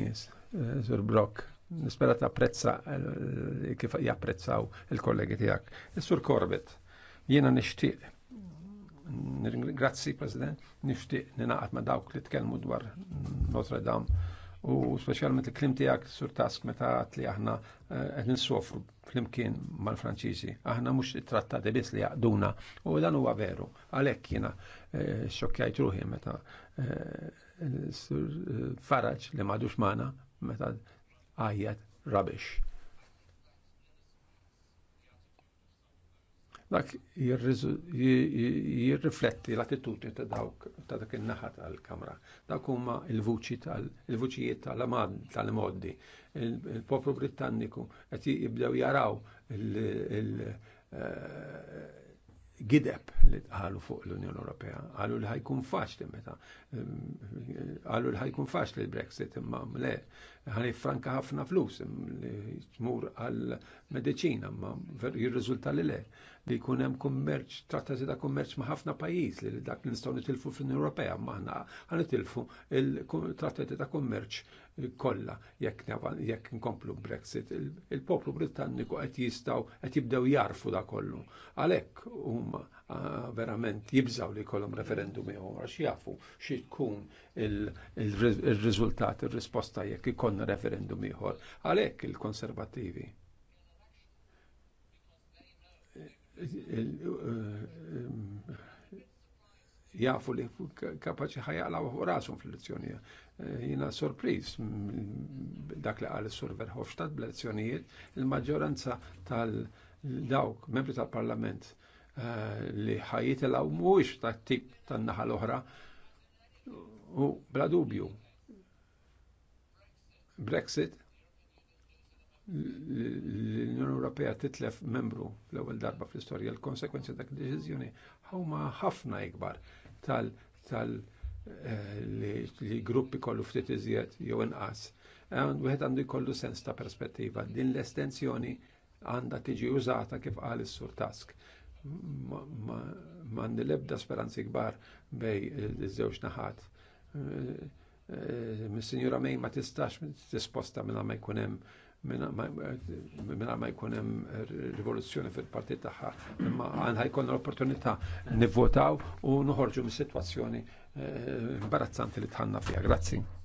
Speaker 4: Sur Brock. Nispera ta' prezza eh, kif japprezzaw il-kollegi tijak. Sur Corbett, jiena nishtiq. Grazzi, President, nishtiq ninaqat ma' dawk li tkellmu dwar Notre Dame u specialment il-klim tijak sur task meta għat li aħna eh, qed sofru flimkien mal-Franċiżi. Aħna mhux trattati biss li jaqduna u dan huwa veru. Għalhekk jiena eh, xokkjajt ruħi meta eh, Faraġ li m'għadux magħna meta għajjat rubbish. dak jirrifletti l-attitudni ta' dawk ta' dak in naħat tal-Kamra. Dak huma l-vuċi tal-vuċijiet tal-moddi. Il-poplu Britanniku qed jibdew jaraw il-gideb eh, li ħalu fuq l-Unjoni Ewropea. Qalu li ħajkun faċli meta. Qalu eh, li ħajkun faċli l-Brexit imma le ħani franka ħafna flus tmur għal mediċina imma jirriżulta li le li jkun hemm kummerċ, trattati ta' kummerċ ma' ħafna pajjiż li dak li nistgħu nitilfu fl-Unjoni Ewropea maħna ħan tilfu il-trattati ta' kummerċ kollha jekk jekk nkomplu Brexit. Il-poplu Britanniku qed jistgħu qed jibdew jarfu da kollu. Għalhekk huma verament jibżaw li kolom referendum ieħor għax jafu xi tkun il-riżultat, il-risposta jekk ikon referendum ieħor. Għalhekk il-konservattivi jafu li kapaċi u rasum fl lezzjoni Jina sorpriz dak li għalli sur Verhofstadt bl-elezzjonijiet, il-maġġoranza tal-dawk, membri tal-parlament, Eh, li ħajitilgħu mhuwiex tat-tip tan-naħa l-oħra. U bla dubju. Brexit l-Unjoni Ewropea titlef membru l-ewwel darba fl-istorja l-konsekwenzi dak id-deċiżjoni huma ħafna ikbar tal tal eh, li gruppi kollu ftit iżjed jew inqas. Eh, wieħed għandu jkollu sens ta' perspettiva. Din l-estensjoni għandha tiġi użata kif qal is-Sur Task ma nilebda speranzi kbar bej iż-żewġ naħat. Mis-Sinjura eh, eh, Mej ma tistax tisposta minna ma jkun hemm minna ma jkun hemm rivoluzzjoni fil-partit tagħha, imma għandha jkollna l-opportunità nivvotaw u noħorġu mis-sitwazzjoni eh, imbarazzanti li tħanna fiha. Grazzi.